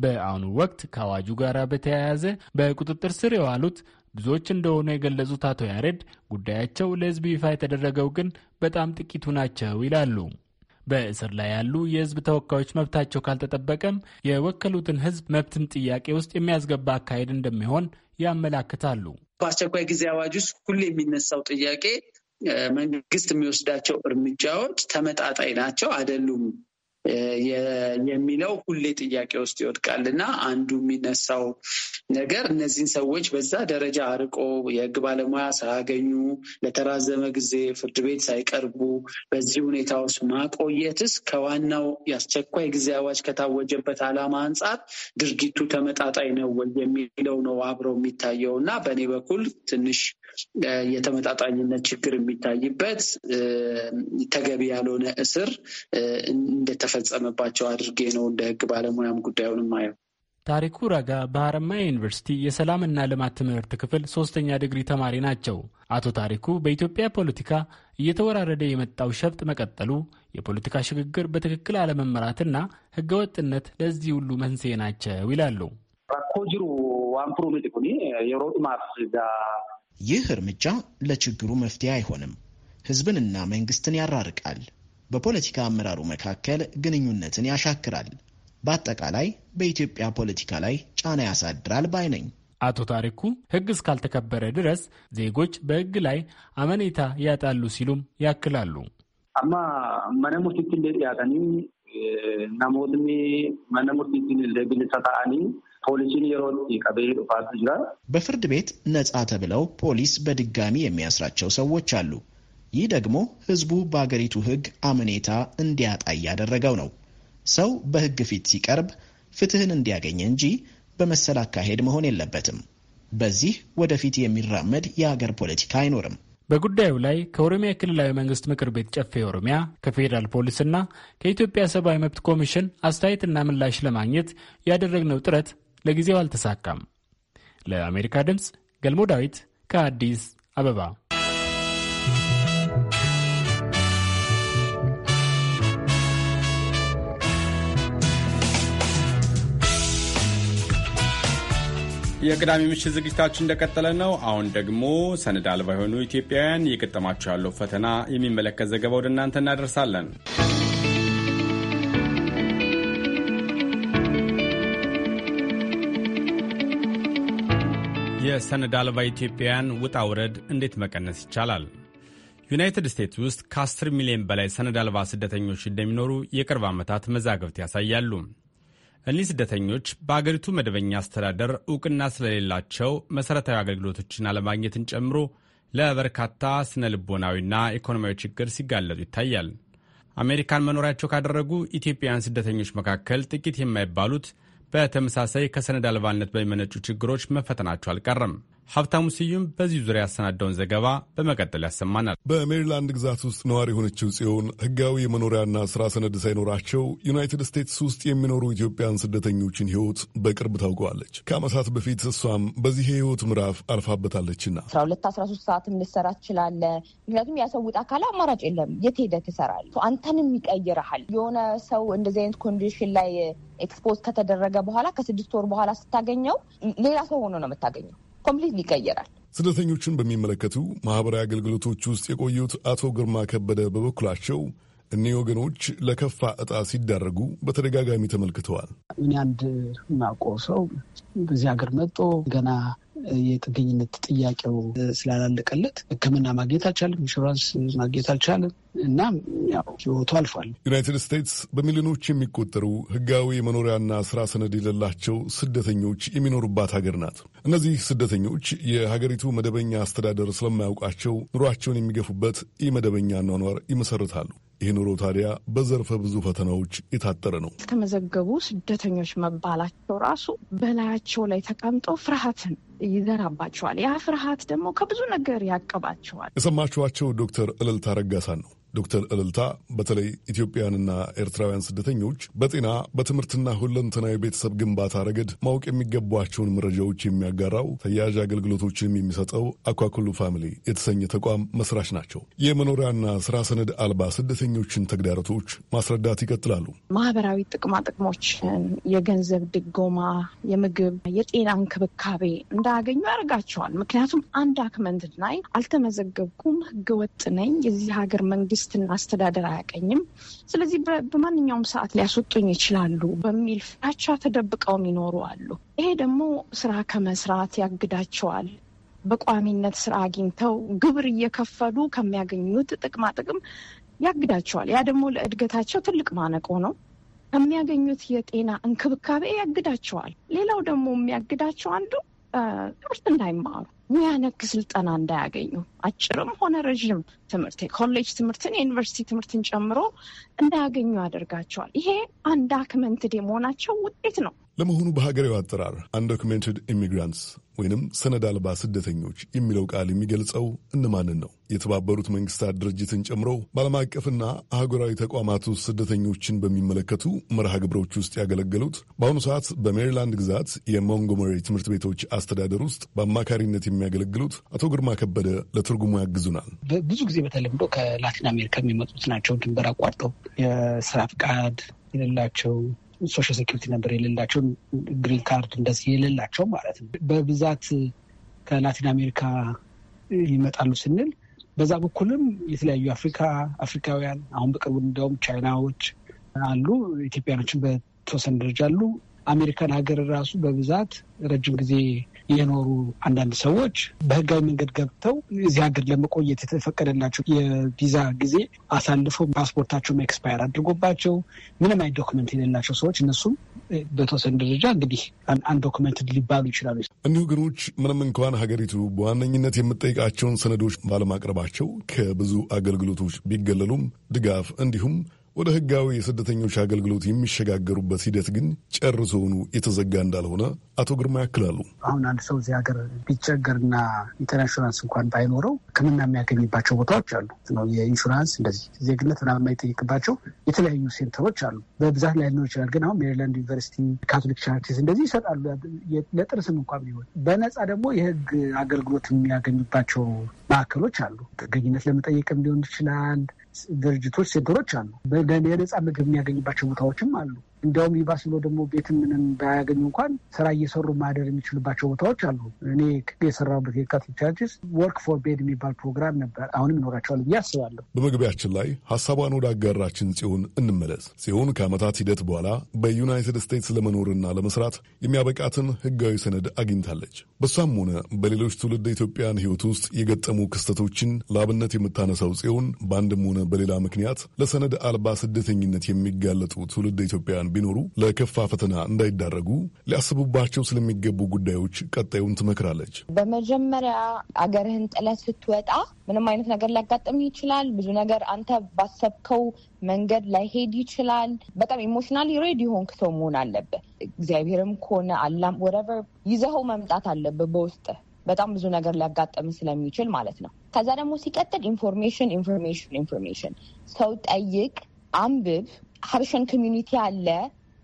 በአሁኑ ወቅት ከአዋጁ ጋር በተያያዘ በቁጥጥር ስር የዋሉት ብዙዎች እንደሆኑ የገለጹት አቶ ያሬድ ጉዳያቸው ለሕዝብ ይፋ የተደረገው ግን በጣም ጥቂቱ ናቸው ይላሉ። በእስር ላይ ያሉ የሕዝብ ተወካዮች መብታቸው ካልተጠበቀም የወከሉትን ሕዝብ መብትም ጥያቄ ውስጥ የሚያስገባ አካሄድ እንደሚሆን ያመላክታሉ። በአስቸኳይ ጊዜ አዋጅ ውስጥ ሁሉ የሚነሳው ጥያቄ መንግስት የሚወስዳቸው እርምጃዎች ተመጣጣኝ ናቸው አይደሉም የሚለው ሁሌ ጥያቄ ውስጥ ይወድቃል እና አንዱ የሚነሳው ነገር እነዚህን ሰዎች በዛ ደረጃ አርቆ የህግ ባለሙያ ሳያገኙ ለተራዘመ ጊዜ ፍርድ ቤት ሳይቀርቡ በዚህ ሁኔታ ውስጥ ማቆየትስ ከዋናው የአስቸኳይ ጊዜ አዋጅ ከታወጀበት ዓላማ አንጻር ድርጊቱ ተመጣጣኝ ነው ወይ የሚለው ነው አብረው የሚታየው እና በእኔ በኩል ትንሽ የተመጣጣኝነት ችግር የሚታይበት ተገቢ ያልሆነ እስር እንደተ እንደተፈጸመባቸው አድርጌ ነው እንደ ህግ ባለሙያም ጉዳዩን ማየው። ታሪኩ ረጋ በሐረማያ ዩኒቨርሲቲ የሰላምና ልማት ትምህርት ክፍል ሶስተኛ ዲግሪ ተማሪ ናቸው። አቶ ታሪኩ በኢትዮጵያ ፖለቲካ እየተወራረደ የመጣው ሸፍጥ መቀጠሉ፣ የፖለቲካ ሽግግር በትክክል አለመመራትና ህገወጥነት ለዚህ ሁሉ መንስኤ ናቸው ይላሉ። ይህ እርምጃ ለችግሩ መፍትሄ አይሆንም፣ ህዝብንና መንግስትን ያራርቃል። በፖለቲካ አመራሩ መካከል ግንኙነትን ያሻክራል፣ በአጠቃላይ በኢትዮጵያ ፖለቲካ ላይ ጫና ያሳድራል ባይ ነኝ። አቶ ታሪኩ ሕግ እስካልተከበረ ድረስ ዜጎች በሕግ ላይ አመኔታ ያጣሉ ሲሉም ያክላሉ። አማ መነሙርቲት እንዴት ያጠኒ ናሞትኒ መነሙርቲትን ለግልሰ ተአኒ ፖሊሲን የሮት ቀበ ዱፋት ይችላል። በፍርድ ቤት ነጻ ተብለው ፖሊስ በድጋሚ የሚያስራቸው ሰዎች አሉ። ይህ ደግሞ ህዝቡ በአገሪቱ ህግ አመኔታ እንዲያጣ እያደረገው ነው። ሰው በህግ ፊት ሲቀርብ ፍትህን እንዲያገኝ እንጂ በመሰል አካሄድ መሆን የለበትም። በዚህ ወደፊት የሚራመድ የሀገር ፖለቲካ አይኖርም። በጉዳዩ ላይ ከኦሮሚያ ክልላዊ መንግስት ምክር ቤት ጨፌ ኦሮሚያ ከፌዴራል ፖሊስና ከኢትዮጵያ ሰብአዊ መብት ኮሚሽን አስተያየትና ምላሽ ለማግኘት ያደረግነው ጥረት ለጊዜው አልተሳካም። ለአሜሪካ ድምፅ ገልሞ ዳዊት ከአዲስ አበባ የቅዳሜ ምሽት ዝግጅታችን እንደቀጠለ ነው። አሁን ደግሞ ሰነድ አልባ የሆኑ ኢትዮጵያውያን እየገጠማቸው ያለው ፈተና የሚመለከት ዘገባ ወደ እናንተ እናደርሳለን። የሰነድ አልባ ኢትዮጵያውያን ውጣ ውረድ እንዴት መቀነስ ይቻላል? ዩናይትድ ስቴትስ ውስጥ ከ10 ሚሊዮን በላይ ሰነድ አልባ ስደተኞች እንደሚኖሩ የቅርብ ዓመታት መዛግብት ያሳያሉ። እኒህ ስደተኞች በአገሪቱ መደበኛ አስተዳደር እውቅና ስለሌላቸው መሠረታዊ አገልግሎቶችን አለማግኘትን ጨምሮ ለበርካታ ስነ ልቦናዊና ኢኮኖሚያዊ ችግር ሲጋለጡ ይታያል። አሜሪካን መኖሪያቸው ካደረጉ ኢትዮጵያውያን ስደተኞች መካከል ጥቂት የማይባሉት በተመሳሳይ ከሰነድ አልባነት በሚመነጩ ችግሮች መፈተናቸው አልቀረም። ሀብታሙ ስዩም በዚህ ዙሪያ ያሰናዳውን ዘገባ በመቀጠል ያሰማናል። በሜሪላንድ ግዛት ውስጥ ነዋሪ የሆነችው ጽዮን ህጋዊ የመኖሪያና ስራ ሰነድ ሳይኖራቸው ዩናይትድ ስቴትስ ውስጥ የሚኖሩ ኢትዮጵያን ስደተኞችን ህይወት በቅርብ ታውቀዋለች። ከአመሳት በፊት እሷም በዚህ የሕይወት ምዕራፍ አልፋበታለችና አስራ ሁለት አስራ ሶስት ሰዓትም ልትሰራ ትችላለህ። ምክንያቱም ያሰውጥ አካል አማራጭ የለም። የት ሄደህ ትሰራለህ? አንተንም ይቀይረሃል። የሆነ ሰው እንደዚህ አይነት ኮንዲሽን ላይ ኤክስፖዝ ከተደረገ በኋላ ከስድስት ወር በኋላ ስታገኘው ሌላ ሰው ሆኖ ነው የምታገኘው። ኮምፕሊት ይቀየራል። ስደተኞችን በሚመለከቱ ማህበራዊ አገልግሎቶች ውስጥ የቆዩት አቶ ግርማ ከበደ በበኩላቸው እኒህ ወገኖች ለከፋ እጣ ሲዳረጉ በተደጋጋሚ ተመልክተዋል። እኔ አንድ ማቆ ሰው በዚህ ሀገር መጦ ገና የጥገኝነት ጥያቄው ስላላለቀለት ሕክምና ማግኘት አልቻለም፣ ኢንሹራንስ ማግኘት አልቻለም እና ያው ህይወቱ አልፏል። ዩናይትድ ስቴትስ በሚሊዮኖች የሚቆጠሩ ህጋዊ የመኖሪያና ስራ ሰነድ የሌላቸው ስደተኞች የሚኖሩባት ሀገር ናት። እነዚህ ስደተኞች የሀገሪቱ መደበኛ አስተዳደር ስለማያውቃቸው ኑሯቸውን የሚገፉበት ኢ መደበኛ ኗኗር ይመሰርታሉ። ይህ ኑሮ ታዲያ በዘርፈ ብዙ ፈተናዎች የታጠረ ነው። የተመዘገቡ ስደተኞች መባላቸው ራሱ በላያቸው ላይ ተቀምጦ ፍርሃትን ይዘራባቸዋል። ያ ፍርሃት ደግሞ ከብዙ ነገር ያቀባቸዋል። የሰማችኋቸው ዶክተር እልልታ ረጋሳን ነው። ዶክተር እልልታ በተለይ ኢትዮጵያውያንና ኤርትራውያን ስደተኞች በጤና በትምህርትና ሁለንተናዊ ቤተሰብ ግንባታ ረገድ ማወቅ የሚገቧቸውን መረጃዎች የሚያጋራው ተያያዥ አገልግሎቶችንም የሚሰጠው አኳኩሉ ፋሚሊ የተሰኘ ተቋም መስራች ናቸው። የመኖሪያና ስራ ሰነድ አልባ ስደተኞችን ተግዳሮቶች ማስረዳት ይቀጥላሉ። ማህበራዊ ጥቅማጥቅሞችን፣ የገንዘብ ድጎማ፣ የምግብ የጤና እንክብካቤ እንዳያገኙ ያደርጋቸዋል። ምክንያቱም አንድ አክመንት ላይ አልተመዘገብኩም፣ ህገወጥ ነኝ፣ የዚህ ሀገር መንግስት መንግስትና አስተዳደር አያቀኝም። ስለዚህ በማንኛውም ሰዓት ሊያስወጡኝ ይችላሉ በሚል ፍራቻ ተደብቀውም ይኖሩ አሉ። ይሄ ደግሞ ስራ ከመስራት ያግዳቸዋል። በቋሚነት ስራ አግኝተው ግብር እየከፈሉ ከሚያገኙት ጥቅማ ጥቅም ያግዳቸዋል። ያ ደግሞ ለእድገታቸው ትልቅ ማነቆ ነው። ከሚያገኙት የጤና እንክብካቤ ያግዳቸዋል። ሌላው ደግሞ የሚያግዳቸው አንዱ ትምህርት እንዳይማሩ ሙያ ነክ ስልጠና እንዳያገኙ አጭርም ሆነ ረዥም ትምህርት የኮሌጅ ትምህርትን የዩኒቨርሲቲ ትምህርትን ጨምሮ እንዳያገኙ ያደርጋቸዋል። ይሄ አንዳክመንትድ የመሆናቸው ውጤት ነው። ለመሆኑ በሀገሬው አጠራር አንዶክመንትድ ኢሚግራንትስ ወይንም ሰነድ አልባ ስደተኞች የሚለው ቃል የሚገልጸው እነማንን ነው? የተባበሩት መንግስታት ድርጅትን ጨምሮ በዓለም አቀፍና አህጉራዊ ተቋማት ውስጥ ስደተኞችን በሚመለከቱ መርሃ ግብሮች ውስጥ ያገለገሉት በአሁኑ ሰዓት በሜሪላንድ ግዛት የሞንጎመሪ ትምህርት ቤቶች አስተዳደር ውስጥ በአማካሪነት የሚያገለግሉት አቶ ግርማ ከበደ ለትርጉሙ ያግዙናል። ብዙ ጊዜ በተለምዶ ከላቲን አሜሪካ የሚመጡት ናቸው። ድንበር አቋርጠው የስራ ፍቃድ የሌላቸው ሶሻል ሴኩሪቲ ነበር የሌላቸው ግሪን ካርድ እንደዚህ የሌላቸው ማለት ነው። በብዛት ከላቲን አሜሪካ ይመጣሉ ስንል በዛ በኩልም የተለያዩ አፍሪካ አፍሪካውያን አሁን በቅርቡ እንዲያውም ቻይናዎች አሉ፣ ኢትዮጵያኖችን በተወሰነ ደረጃ አሉ። አሜሪካን ሀገር ራሱ በብዛት ረጅም ጊዜ የኖሩ አንዳንድ ሰዎች በህጋዊ መንገድ ገብተው እዚህ ሀገር ለመቆየት የተፈቀደላቸው የቪዛ ጊዜ አሳልፈው ፓስፖርታቸውም ኤክስፓየር አድርጎባቸው ምንም አይነት ዶክመንት የሌላቸው ሰዎች እነሱም በተወሰነ ደረጃ እንግዲህ አንድ ዶክመንት ሊባሉ ይችላሉ። እኒሁ ወገኖች ምንም እንኳን ሀገሪቱ በዋነኝነት የምጠይቃቸውን ሰነዶች ባለማቅረባቸው ከብዙ አገልግሎቶች ቢገለሉም ድጋፍ እንዲሁም ወደ ህጋዊ የስደተኞች አገልግሎት የሚሸጋገሩበት ሂደት ግን ጨርሶውኑ የተዘጋ እንዳልሆነ አቶ ግርማ ያክላሉ። አሁን አንድ ሰው እዚህ ሀገር ቢቸገርና ኢንሹራንስ እንኳን ባይኖረው ሕክምና የሚያገኝባቸው ቦታዎች አሉ ነው የኢንሹራንስ እንደዚህ ዜግነት ምናምን የማይጠይቅባቸው የተለያዩ ሴንተሮች አሉ። በብዛት ላይ ሊኖር ይችላል፣ ግን አሁን ሜሪላንድ ዩኒቨርሲቲ፣ ካቶሊክ ቻርቲስ እንደዚህ ይሰጣሉ። ለጥርስም እንኳ ቢሆን በነፃ ደግሞ የህግ አገልግሎት የሚያገኙባቸው ማዕከሎች አሉ። ጥገኝነት ለመጠየቅም ሊሆን ይችላል ድርጅቶች ሴንተሮች አሉ። የነፃ ምግብ የሚያገኝባቸው ቦታዎችም አሉ። እንዲያውም ይባስ ብሎ ደግሞ ቤት ምንም ባያገኙ እንኳን ስራ እየሰሩ ማደር የሚችሉባቸው ቦታዎች አሉ። እኔ የሰራበት የካቶሊክ ቸርችስ ወርክ ፎር ቤድ የሚባል ፕሮግራም ነበር። አሁንም ይኖራቸዋል ብዬ አስባለሁ። በመግቢያችን ላይ ሀሳቧን ወደ አጋራችን ጽዮን እንመለስ። ጽዮን ከዓመታት ሂደት በኋላ በዩናይትድ ስቴትስ ለመኖርና ለመስራት የሚያበቃትን ህጋዊ ሰነድ አግኝታለች። በሷም ሆነ በሌሎች ትውልድ ኢትዮጵያን ህይወት ውስጥ የገጠሙ ክስተቶችን ለአብነት የምታነሳው ጽዮን በአንድም ሆነ በሌላ ምክንያት ለሰነድ አልባ ስደተኝነት የሚጋለጡ ትውልድ ኢትዮጵያን ቢኖሩ ለከፋ ፈተና እንዳይዳረጉ ሊያስቡባቸው ስለሚገቡ ጉዳዮች ቀጣዩን ትመክራለች። በመጀመሪያ አገርህን ጥለት ስትወጣ ምንም አይነት ነገር ሊያጋጥም ይችላል። ብዙ ነገር አንተ ባሰብከው መንገድ ላይሄድ ይችላል። በጣም ኢሞሽናል ሬዲ ሆንክ ሰው መሆን አለብህ። እግዚአብሔርም ከሆነ አላም ወረቨር ይዘኸው መምጣት አለብህ በውስጥ በጣም ብዙ ነገር ሊያጋጥም ስለሚችል ማለት ነው። ከዛ ደግሞ ሲቀጥል ኢንፎርሜሽን ኢንፎርሜሽን ኢንፎርሜሽን ሰው ጠይቅ፣ አንብብ ሀበሻን ኮሚዩኒቲ አለ።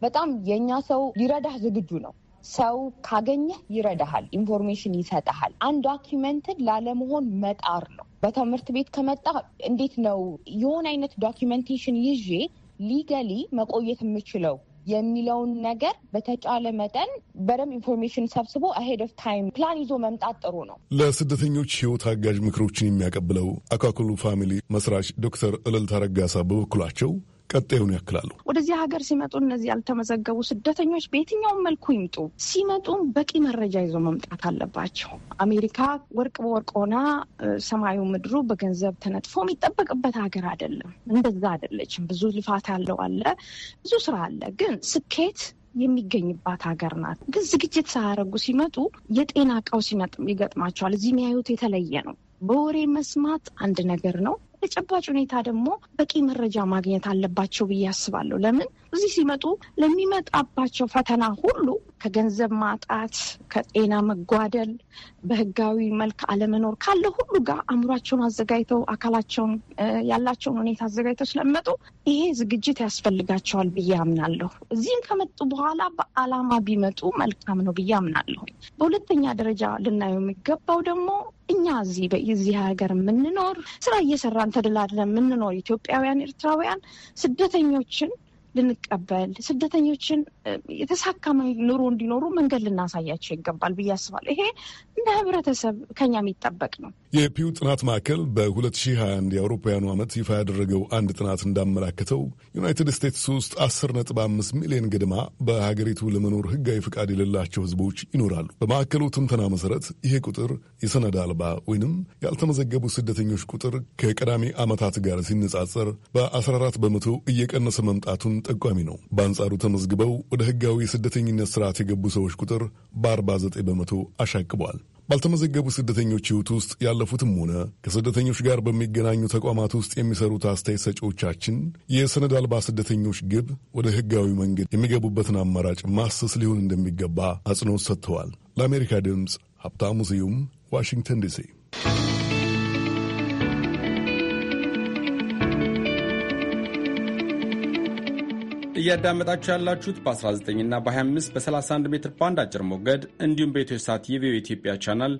በጣም የእኛ ሰው ሊረዳህ ዝግጁ ነው። ሰው ካገኘህ ይረዳሃል፣ ኢንፎርሜሽን ይሰጠሃል። አንድ ዶኪመንትን ላለመሆን መጣር ነው። በትምህርት ቤት ከመጣ እንዴት ነው የሆነ አይነት ዶኪመንቴሽን ይዤ ሊገሊ መቆየት የምችለው የሚለውን ነገር በተጫለ መጠን በደንብ ኢንፎርሜሽን ሰብስቦ አሄድ ኦፍ ታይም ፕላን ይዞ መምጣት ጥሩ ነው። ለስደተኞች ሕይወት አጋዥ ምክሮችን የሚያቀብለው አካክሉ ፋሚሊ መስራች ዶክተር እልልታ ረጋሳ በበኩላቸው ቀጣዩን ያክላሉ። ወደዚህ ሀገር ሲመጡ እነዚህ ያልተመዘገቡ ስደተኞች በየትኛውም መልኩ ይምጡ፣ ሲመጡም በቂ መረጃ ይዞ መምጣት አለባቸው። አሜሪካ ወርቅ በወርቅ ሆና ሰማዩ ምድሩ በገንዘብ ተነጥፎ የሚጠበቅበት ሀገር አይደለም። እንደዛ አይደለችም። ብዙ ልፋት ያለው አለ፣ ብዙ ስራ አለ። ግን ስኬት የሚገኝባት ሀገር ናት። ግን ዝግጅት ሳያደርጉ ሲመጡ የጤና ቀውስ ይገጥማቸዋል። እዚህ የሚያዩት የተለየ ነው። በወሬ መስማት አንድ ነገር ነው። ተጨባጭ ሁኔታ ደግሞ በቂ መረጃ ማግኘት አለባቸው ብዬ አስባለሁ። ለምን እዚህ ሲመጡ ለሚመጣባቸው ፈተና ሁሉ ከገንዘብ ማጣት፣ ከጤና መጓደል፣ በህጋዊ መልክ አለመኖር ካለ ሁሉ ጋር አእምሯቸውን አዘጋጅተው አካላቸውን ያላቸውን ሁኔታ አዘጋጅተው ስለሚመጡ ይሄ ዝግጅት ያስፈልጋቸዋል ብዬ አምናለሁ። እዚህም ከመጡ በኋላ በዓላማ ቢመጡ መልካም ነው ብዬ አምናለሁ። በሁለተኛ ደረጃ ልናየው የሚገባው ደግሞ እኛ እዚህ በዚህ ሀገር የምንኖር ስራ እየሰራን ተደላድለን የምንኖር ኢትዮጵያውያን ኤርትራውያን ስደተኞችን ልንቀበል ስደተኞችን የተሳካ ኑሮ እንዲኖሩ መንገድ ልናሳያቸው ይገባል ብዬ አስባለሁ። ይሄ እንደ ህብረተሰብ ከኛ የሚጠበቅ ነው። የፒው ጥናት ማዕከል በ2021 የአውሮፓውያኑ ዓመት ይፋ ያደረገው አንድ ጥናት እንዳመላከተው ዩናይትድ ስቴትስ ውስጥ 5 ሚሊዮን ገድማ በሀገሪቱ ለመኖር ህጋዊ ፈቃድ የሌላቸው ህዝቦች ይኖራሉ። በማዕከሉ ትንተና መሰረት ይሄ ቁጥር የሰነድ አልባ ወይንም ያልተመዘገቡ ስደተኞች ቁጥር ከቀዳሚ ዓመታት ጋር ሲነጻጸር በ14 በመቶ እየቀነሰ መምጣቱን ጠቋሚ ነው። በአንጻሩ ተመዝግበው ወደ ህጋዊ የስደተኝነት ስርዓት የገቡ ሰዎች ቁጥር በ49 በመቶ አሻቅቧል። ባልተመዘገቡ ስደተኞች ሕይወት ውስጥ ያለፉትም ሆነ ከስደተኞች ጋር በሚገናኙ ተቋማት ውስጥ የሚሰሩት አስተያየት ሰጪዎቻችን የሰነድ አልባ ስደተኞች ግብ ወደ ሕጋዊ መንገድ የሚገቡበትን አማራጭ ማሰስ ሊሆን እንደሚገባ አጽንኦት ሰጥተዋል። ለአሜሪካ ድምፅ ሀብታሙ ስዩም ዋሽንግተን ዲሲ እያዳመጣችሁ ያላችሁት በ19 እና በ25 በ31 ሜትር ባንድ አጭር ሞገድ እንዲሁም በኢትዮ ሳት የቪኦኤ ኢትዮጵያ ቻናል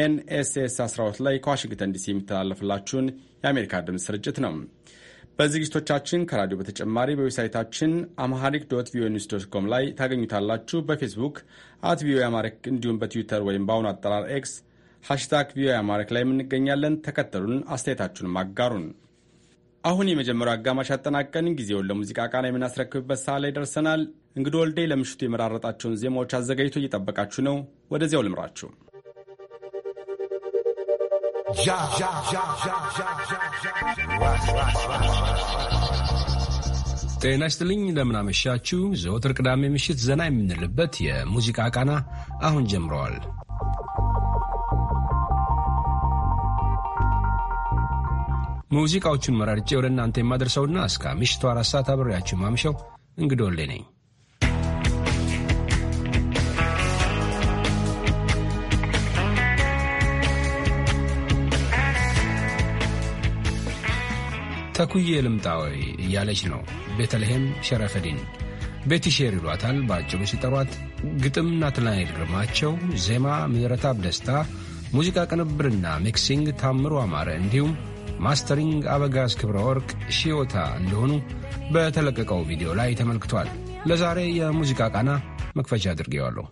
ኤንኤስኤስ 12 ላይ ከዋሽንግተን ዲሲ የሚተላለፍላችሁን የአሜሪካ ድምፅ ስርጭት ነው። በዝግጅቶቻችን ከራዲዮ በተጨማሪ በዌብሳይታችን አምሃሪክ ዶት ቪኦኤ ኒውስ ዶት ኮም ላይ ታገኙታላችሁ። በፌስቡክ አት ቪኦኤ አማሪክ እንዲሁም በትዊተር ወይም በአሁኑ አጠራር ኤክስ ሃሽታግ ቪኦኤ አማሪክ ላይ የምንገኛለን። ተከተሉን፣ አስተያየታችሁንም አጋሩን። አሁን የመጀመሪያው አጋማሽ ያጠናቀን ጊዜውን ለሙዚቃ ቃና የምናስረክብበት ሰዓት ላይ ደርሰናል። እንግዲ ወልዴ ለምሽቱ የመራረጣቸውን ዜማዎች አዘጋጅቶ እየጠበቃችሁ ነው። ወደዚያው ልምራችሁ። ጤና ይስጥልኝ። እንደምናመሻችሁ። ዘወትር ቅዳሜ ምሽት ዘና የምንልበት የሙዚቃ ቃና አሁን ጀምረዋል። ሙዚቃዎቹን መራርጬ ወደ እናንተ የማደርሰውና እስከ ምሽቱ አራት ሰዓት አብሬያችሁ ማምሸው እንግዲህ ነኝ። ተኩዬ ልምጣዊ እያለች ነው ቤተልሔም ሸረፈዲን ቤቲ ሼር ይሏታል በአጭሩ ሲጠሯት። ግጥም ናትናኤል ግርማቸው፣ ዜማ ምዕረታብ ደስታ፣ ሙዚቃ ቅንብርና ሚክሲንግ ታምሮ አማረ እንዲሁም ማስተሪንግ አበጋዝ ክብረ ወርቅ ሺዮታ እንደሆኑ በተለቀቀው ቪዲዮ ላይ ተመልክቷል። ለዛሬ የሙዚቃ ቃና መክፈቻ አድርጌዋለሁ።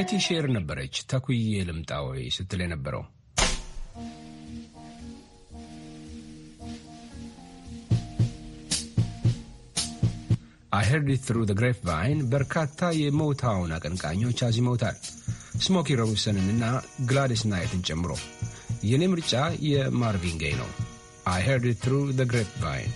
ግሬቲ ሼር ነበረች ተኩዬ ልምጣ ወይ ስትል የነበረው። አይ ሄርድ ኢት ትሩ ዘ ግሬፕ ቫይን በርካታ የሞታውን አቀንቃኞች አዚመውታል፣ ስሞኪ እና ግላዲስ ናይትን ጨምሮ። የኔ ምርጫ የማርቪን ጌይ ነው። አይ ሄርድ ኢት ትሩ ዘ ግሬፕ ቫይን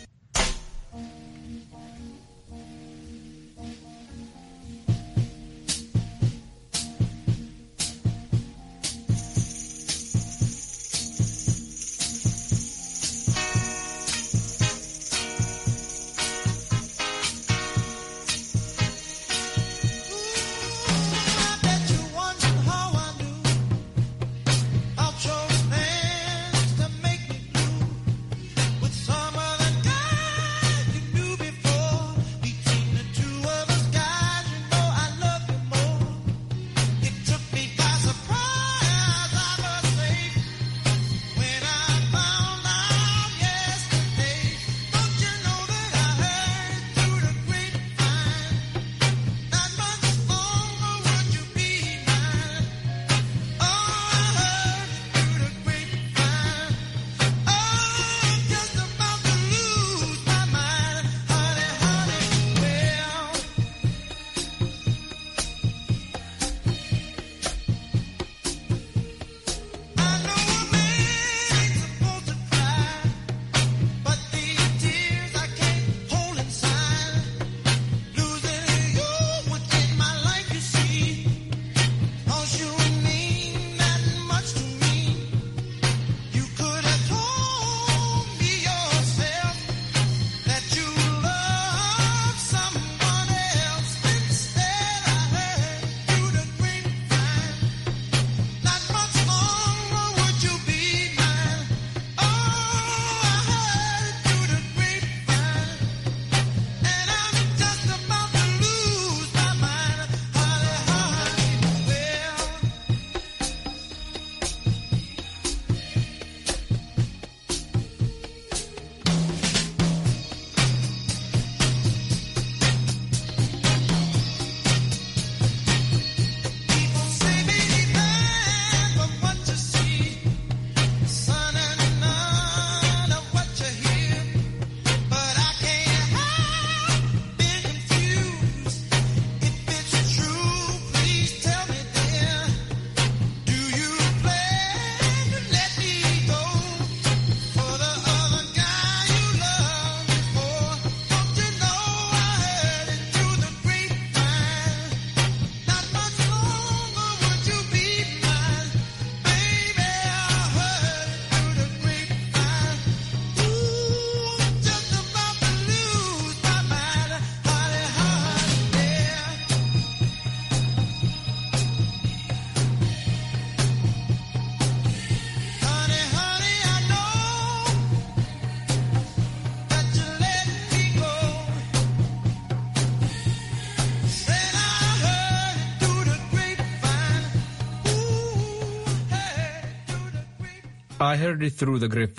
አይሄርድ ትሩ ዘ ግሬፕ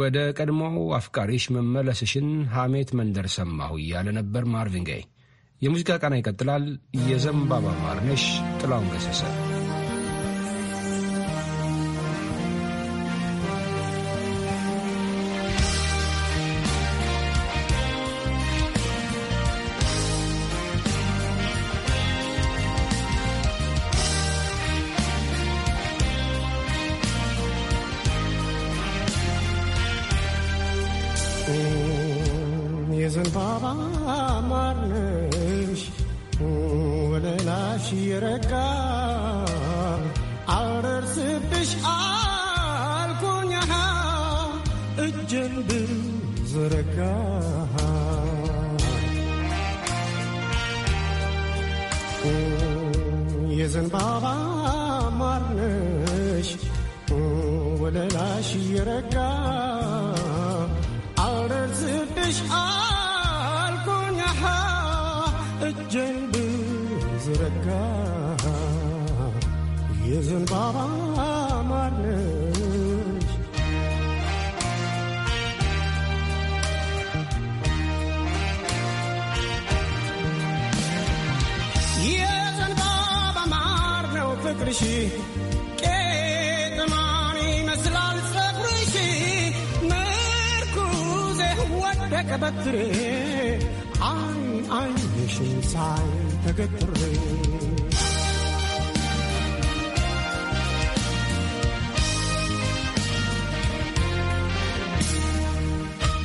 ወደ ቀድሞው አፍቃሪሽ መመለስሽን ሐሜት መንደር ሰማሁ እያለ ነበር ማርቪን ጋይ። የሙዚቃ ቃና ይቀጥላል። የዘንባባ ማርነሽ ጥላውን ገሰሰ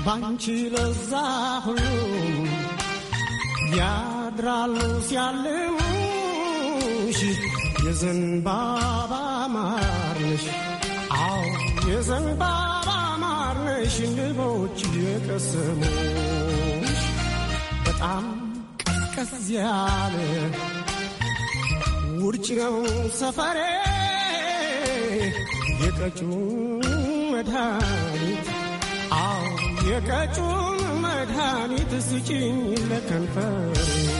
ባንቺ ለዛ ሁሉ ያድራሉ ሲያልሙሽ የዘንባባ ማርነሽ አዎ የዘንባባ ማርነሽ ንቦች የቀሰሙሽ በጣም ቀዝቀዝ ያለ ውርጭ ነው ሰፈሬ የቀጩ መድኃኒት አዎ የቀጩን መድኃኒት ስጭኝ ለከንፈሬ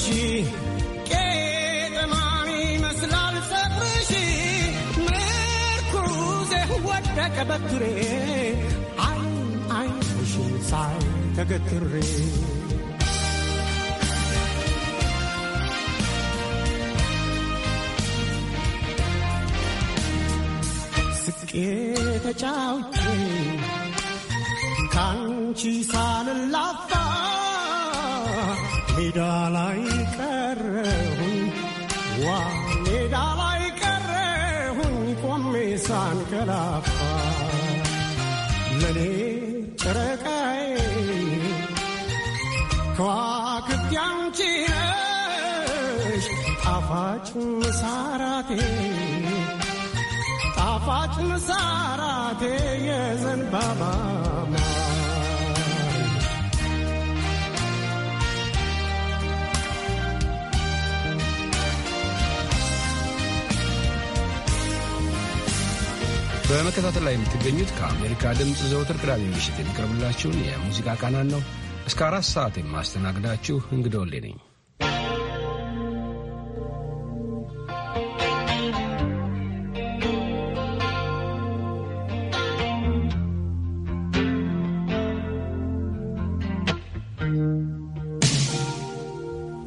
I Get a child, can't you ሜዳ ላይ ቀረሁኝ ዋ ሜዳ ላይ ቀረሁኝ ቆሜ ሳንቀላፋ ለኔ ጨረቃዬ ከዋክብት ያንቺ ነሽ ጣፋጭ ምሳራቴ ጣፋጭ ምሳራቴ የዘንባባ በመከታተል ላይ የምትገኙት ከአሜሪካ ድምፅ ዘወትር ቅዳሜ ምሽት የሚቀርብላችሁን የሙዚቃ ቃናን ነው። እስከ አራት ሰዓት የማስተናግዳችሁ እንግደወሌ ነኝ።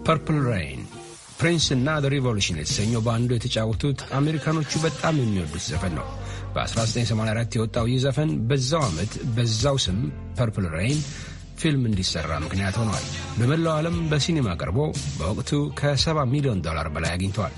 ፐርፕል ሬይን ፕሪንስ እና ዘ ሪቮሉሽን የተሰኘው ባንዱ የተጫወቱት አሜሪካኖቹ በጣም የሚወዱት ዘፈን ነው። በ1984 የወጣው ይህ ዘፈን በዛው ዓመት በዛው ስም ፐርፕል ሬይን ፊልም እንዲሠራ ምክንያት ሆነዋል። በመላው ዓለም በሲኒማ ቀርቦ በወቅቱ ከ70 ሚሊዮን ዶላር በላይ አግኝተዋል።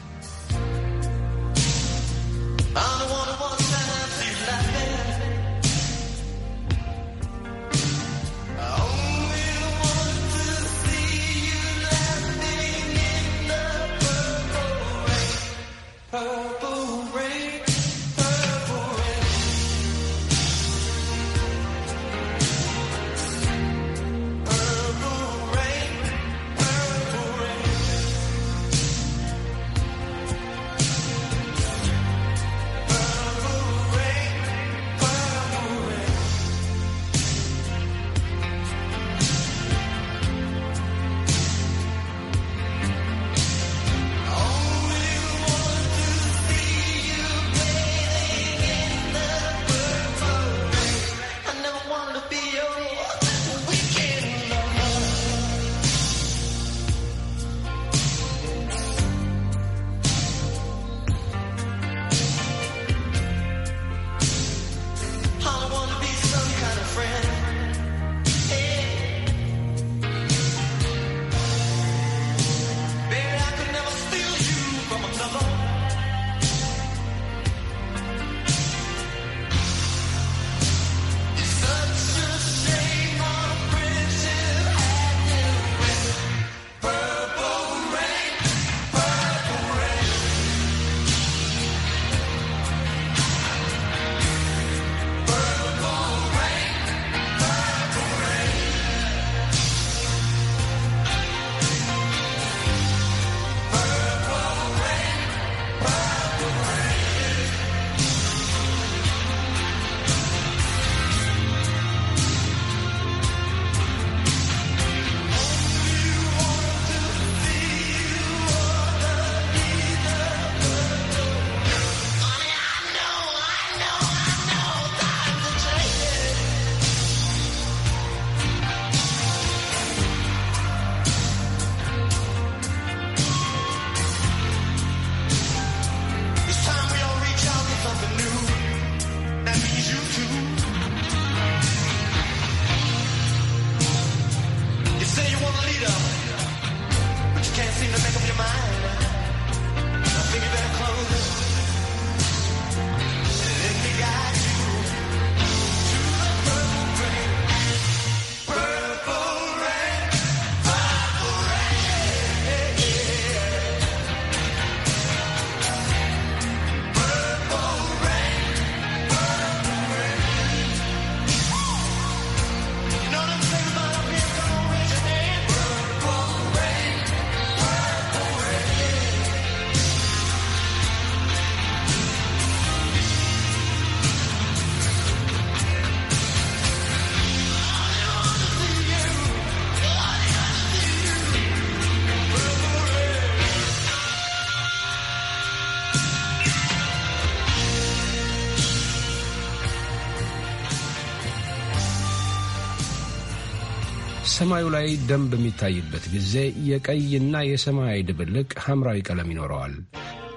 ሰማዩ ላይ ደም በሚታይበት ጊዜ የቀይና የሰማያዊ ድብልቅ ሐምራዊ ቀለም ይኖረዋል።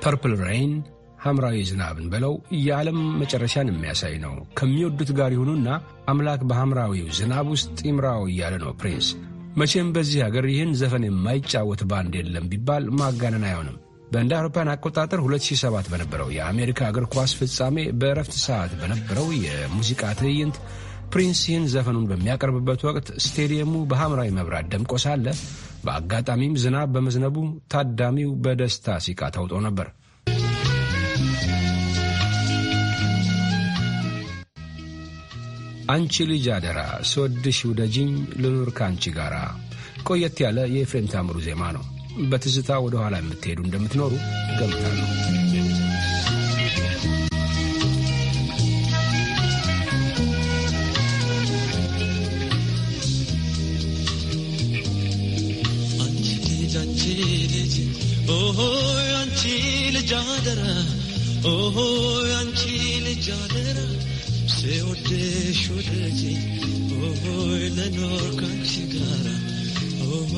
ፐርፕል ሬይን ሐምራዊ ዝናብን በለው የዓለም መጨረሻን የሚያሳይ ነው። ከሚወዱት ጋር ይሁኑና አምላክ በሐምራዊው ዝናብ ውስጥ ይምራው እያለ ነው ፕሪንስ። መቼም በዚህ አገር ይህን ዘፈን የማይጫወት ባንድ የለም ቢባል ማጋነን አይሆንም። በእንደ አውሮፓን አቆጣጠር 2007 በነበረው የአሜሪካ እግር ኳስ ፍጻሜ በእረፍት ሰዓት በነበረው የሙዚቃ ትዕይንት ይህን ዘፈኑን በሚያቀርብበት ወቅት ስቴዲየሙ በሐምራዊ መብራት ደምቆ ሳለ በአጋጣሚም ዝናብ በመዝነቡ ታዳሚው በደስታ ሲቃ ተውጦ ነበር። አንቺ ልጅ አደራ ስወድሽ ውደጅኝ ልኑር ከአንቺ ጋር ቆየት ያለ የኤፍሬም ታምሩ ዜማ ነው። በትዝታ ወደ ኋላ የምትሄዱ እንደምትኖሩ ገምታለሁ። ኦሆ ያንቺ ልጅ አደራ ኦሆ ያንቺ ልጅ አደራ ስወድሽ ወደጅኝ ኦሆ ለኖር ካንቺ ጋራ ኦሆ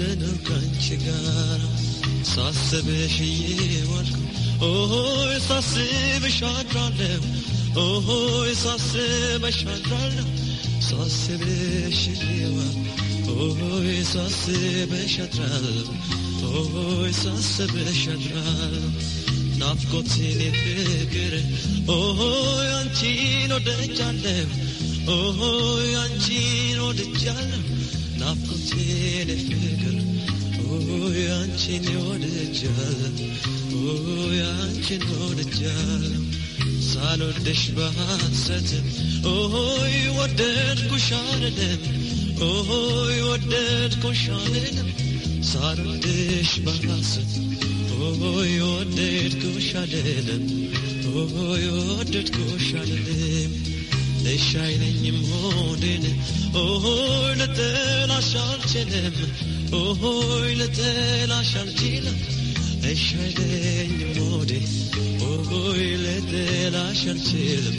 ለኖር ካንቺ ጋራ ሳስብሽ እየዋልኩ ኦሆ ሳስብሽ አድራለሁ ኦሆ ሳስብሽ አድራለሁ ሳስብሽ እየዋልኩ ኦሆ ሳስብሽ አድራለሁ Oy Oi sase beshadral nafkotini fikre Oi antino de chalem Oi antino de chalem nafkotini fikre Oi antino de chalem Oi antino de chalem ሳልወደሽ በሐሰትም ኦሆይ ወደድኩሽ አልልም ኦሆይ ወደድኩሽ edem. صار الاشبه راسك هوي وديتكوش عليلم هوي وديتكوش عليلم ليش عينيم هونين هوي لتلاش عالجلم هوي لتلاش عالجلم ليش عينيم هونين هوي لتلاش عالجلم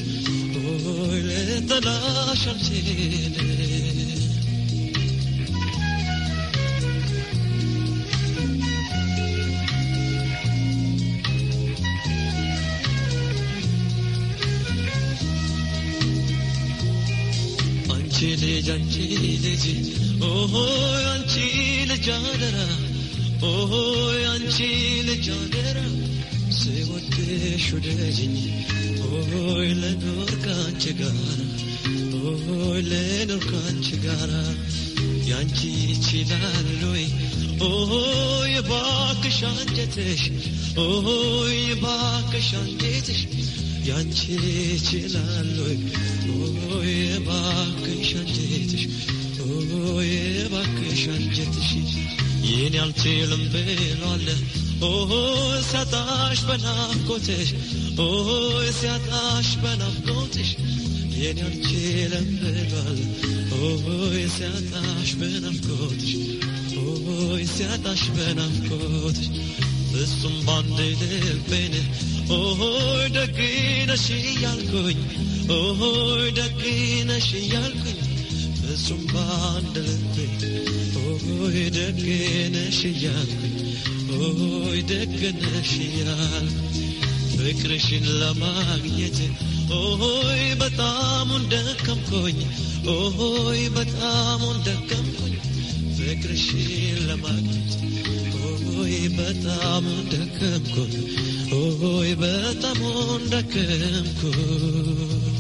هوي لتلاش عالجلم ልጅ አንቺ ልጅ ኦሆ አንቺ ልጅ አደራ ኦሆ አንቺ ልጅ አደራ ስወድሽ ውደጅኝ ኦሆይ ለኖር ካንቺ ጋራ ኦሆይ ለኖር ካንቺ ጋራ ያንቺ ይችላል ወይ ኦሆይ እባክሽ አንጀትሽ ኦሆይ እባክሽ አንጀትሽ ያንቺ ይችላል ወይ ኦሆይ እባክሽ ይህን ያልችልም ብሏለ ኦሆ ሲያጣሽ በናፍቆትሽ ኦሆ ሲያጣሽ በናፍቆትሽ ይህን ያልችልም ብሏለ ኦሆ ሲያጣሽ በናፍቆትሽ ኦሆ ሲያጣሽ በናፍቆትሽ ፍጹም ባንድ ልቤን ኦሆ ደግነሽ እያልኩኝ ኦሆ ደግነሽ እያልኩኝ ፍጹም ባንድ ልቤን Oy ደግነሽ እያልኩኝ Oy ደግነሽ እያልኩኝ ፍቅርሽን ለማግኘት Oy በጣሙን ደከምኩኝ Oy በጣሙን ደከምኩኝ ፍቅርሽን ለማግኘት Oy በጣሙን ደከምኩኝ Oy በጣሙን ደከምኩኝ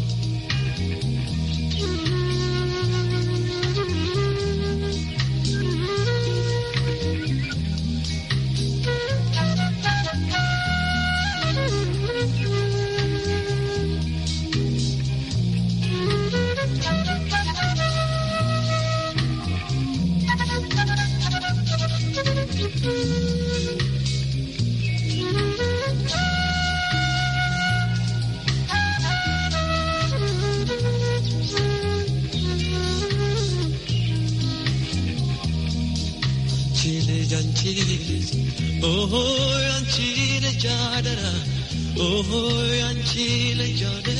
ሆይ አንቺ ልጅ አደራ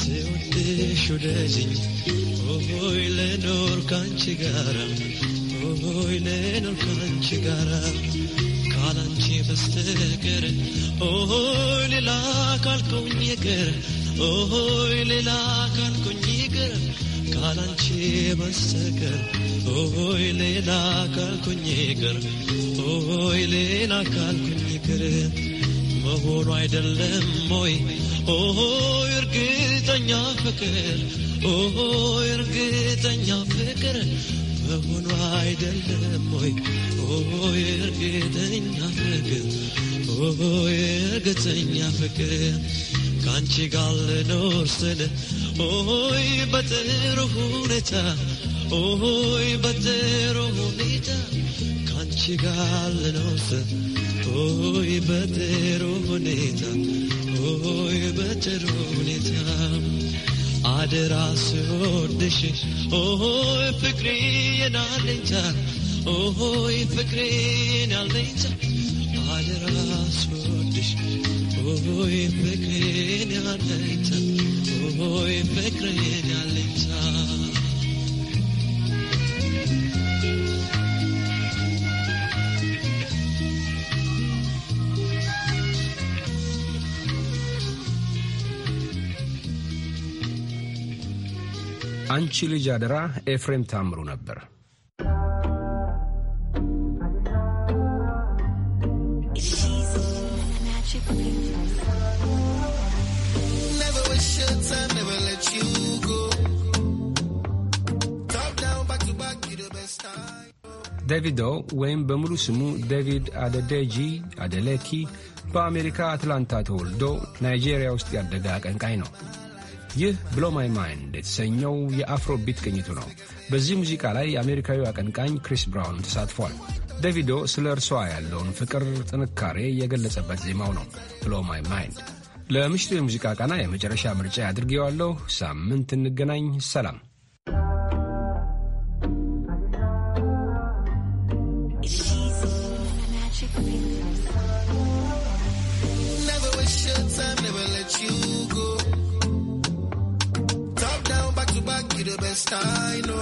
ስወድሽ ውደጅኝ ሆይ ልኖር ካንቺ ጋራ ሆይ ልኖር ካንቺ ጋራ ካላንቺ በስተቀር ሆይ ሌላ ካልኩኝ ይቅር ሌላ ካልኩኝ ይቅር ካላንቺ በስተቀር ሆይ ሌላ ካልኩኝ ይቅር ሆይ ሌላ ካልኩኝ ይቅር ሆኖ አይደለም ሞይ ኦሆ እርግጠኛ ፍቅር ኦሆ እርግጠኛ ፍቅር በሆኖ አይደለም ሞይ ኦሆ እርግጠኛ ፍቅር ኦሆ እርግጠኛ ፍቅር ከአንቺ ጋር ልኖር ስል ኦሆይ በጥሩ ሁኔታ ኦሆይ በጥሩ ሁኔታ ከአንቺ ጋር ልኖር ስል ሆይ በጥሩ ሁኔታ ሆይ በጥሩ ሁኔታ አደራ ስወድሽ ሆይ ፍቅሬን አለኝታ ሆይ ፍቅሬን አለኝታ አደራ ስወድሽ ሆይ ፍቅሬን አለኝታ ሆይ ፍቅሬን አለኝታ አንቺ ልጅ አደራ ኤፍሬም ታምሩ ነበር። ዴቪዶ ወይም በሙሉ ስሙ ዴቪድ አደደጂ አደሌኪ በአሜሪካ አትላንታ ተወልዶ ናይጄሪያ ውስጥ ያደገ አቀንቃኝ ነው። ይህ ብሎ ማይ ማይንድ የተሰኘው የአፍሮ ቢት ቅኝቱ ነው። በዚህ ሙዚቃ ላይ የአሜሪካዊ አቀንቃኝ ክሪስ ብራውን ተሳትፏል። ዴቪዶ ስለ እርሷ ያለውን ፍቅር፣ ጥንካሬ የገለጸበት ዜማው ነው ብሎ ማይ ማይንድ። ለምሽቱ የሙዚቃ ቃና የመጨረሻ ምርጫ አድርጌዋለሁ። ሳምንት እንገናኝ። ሰላም። sky, no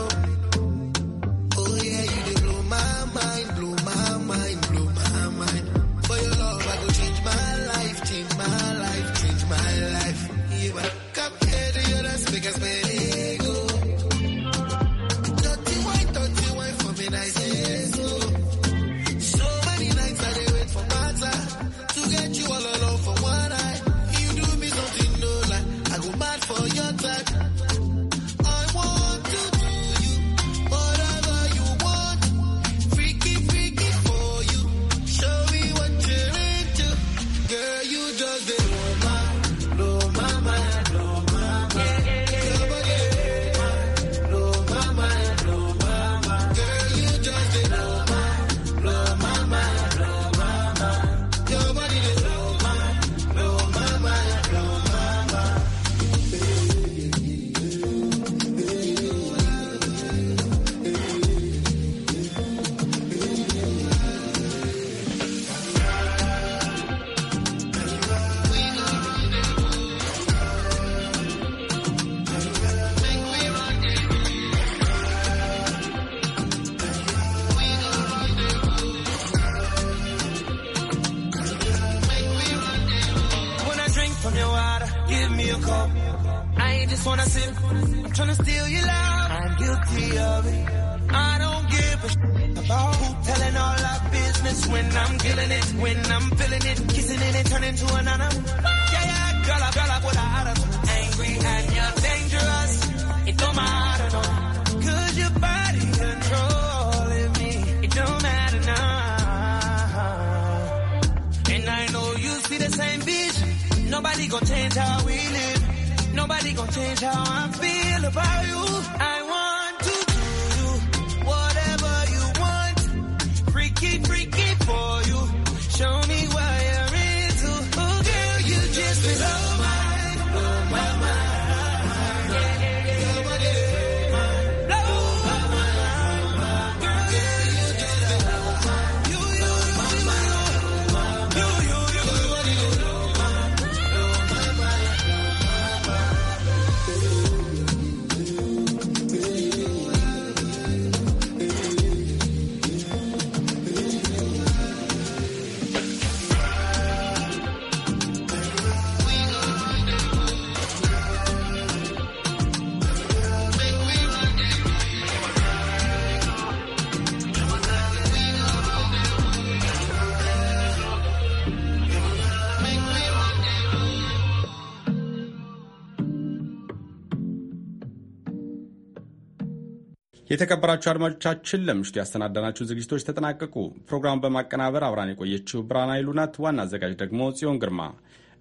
የተከበራችሁ አድማጮቻችን ለምሽቱ ያሰናዳናችሁ ዝግጅቶች ተጠናቀቁ። ፕሮግራሙን በማቀናበር አብራን የቆየችው ብርሃን ኃይሉ ናት። ዋና አዘጋጅ ደግሞ ጽዮን ግርማ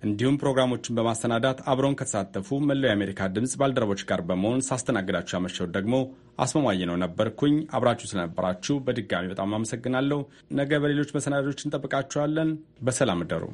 እንዲሁም ፕሮግራሞችን በማሰናዳት አብረውን ከተሳተፉ መላው የአሜሪካ ድምፅ ባልደረቦች ጋር በመሆን ሳስተናግዳችሁ ያመሸሁት ደግሞ አስማማኝ ነው ነበርኩኝ። አብራችሁ ስለነበራችሁ በድጋሚ በጣም አመሰግናለሁ። ነገ በሌሎች መሰናዶች እንጠብቃችኋለን። በሰላም እደሩ።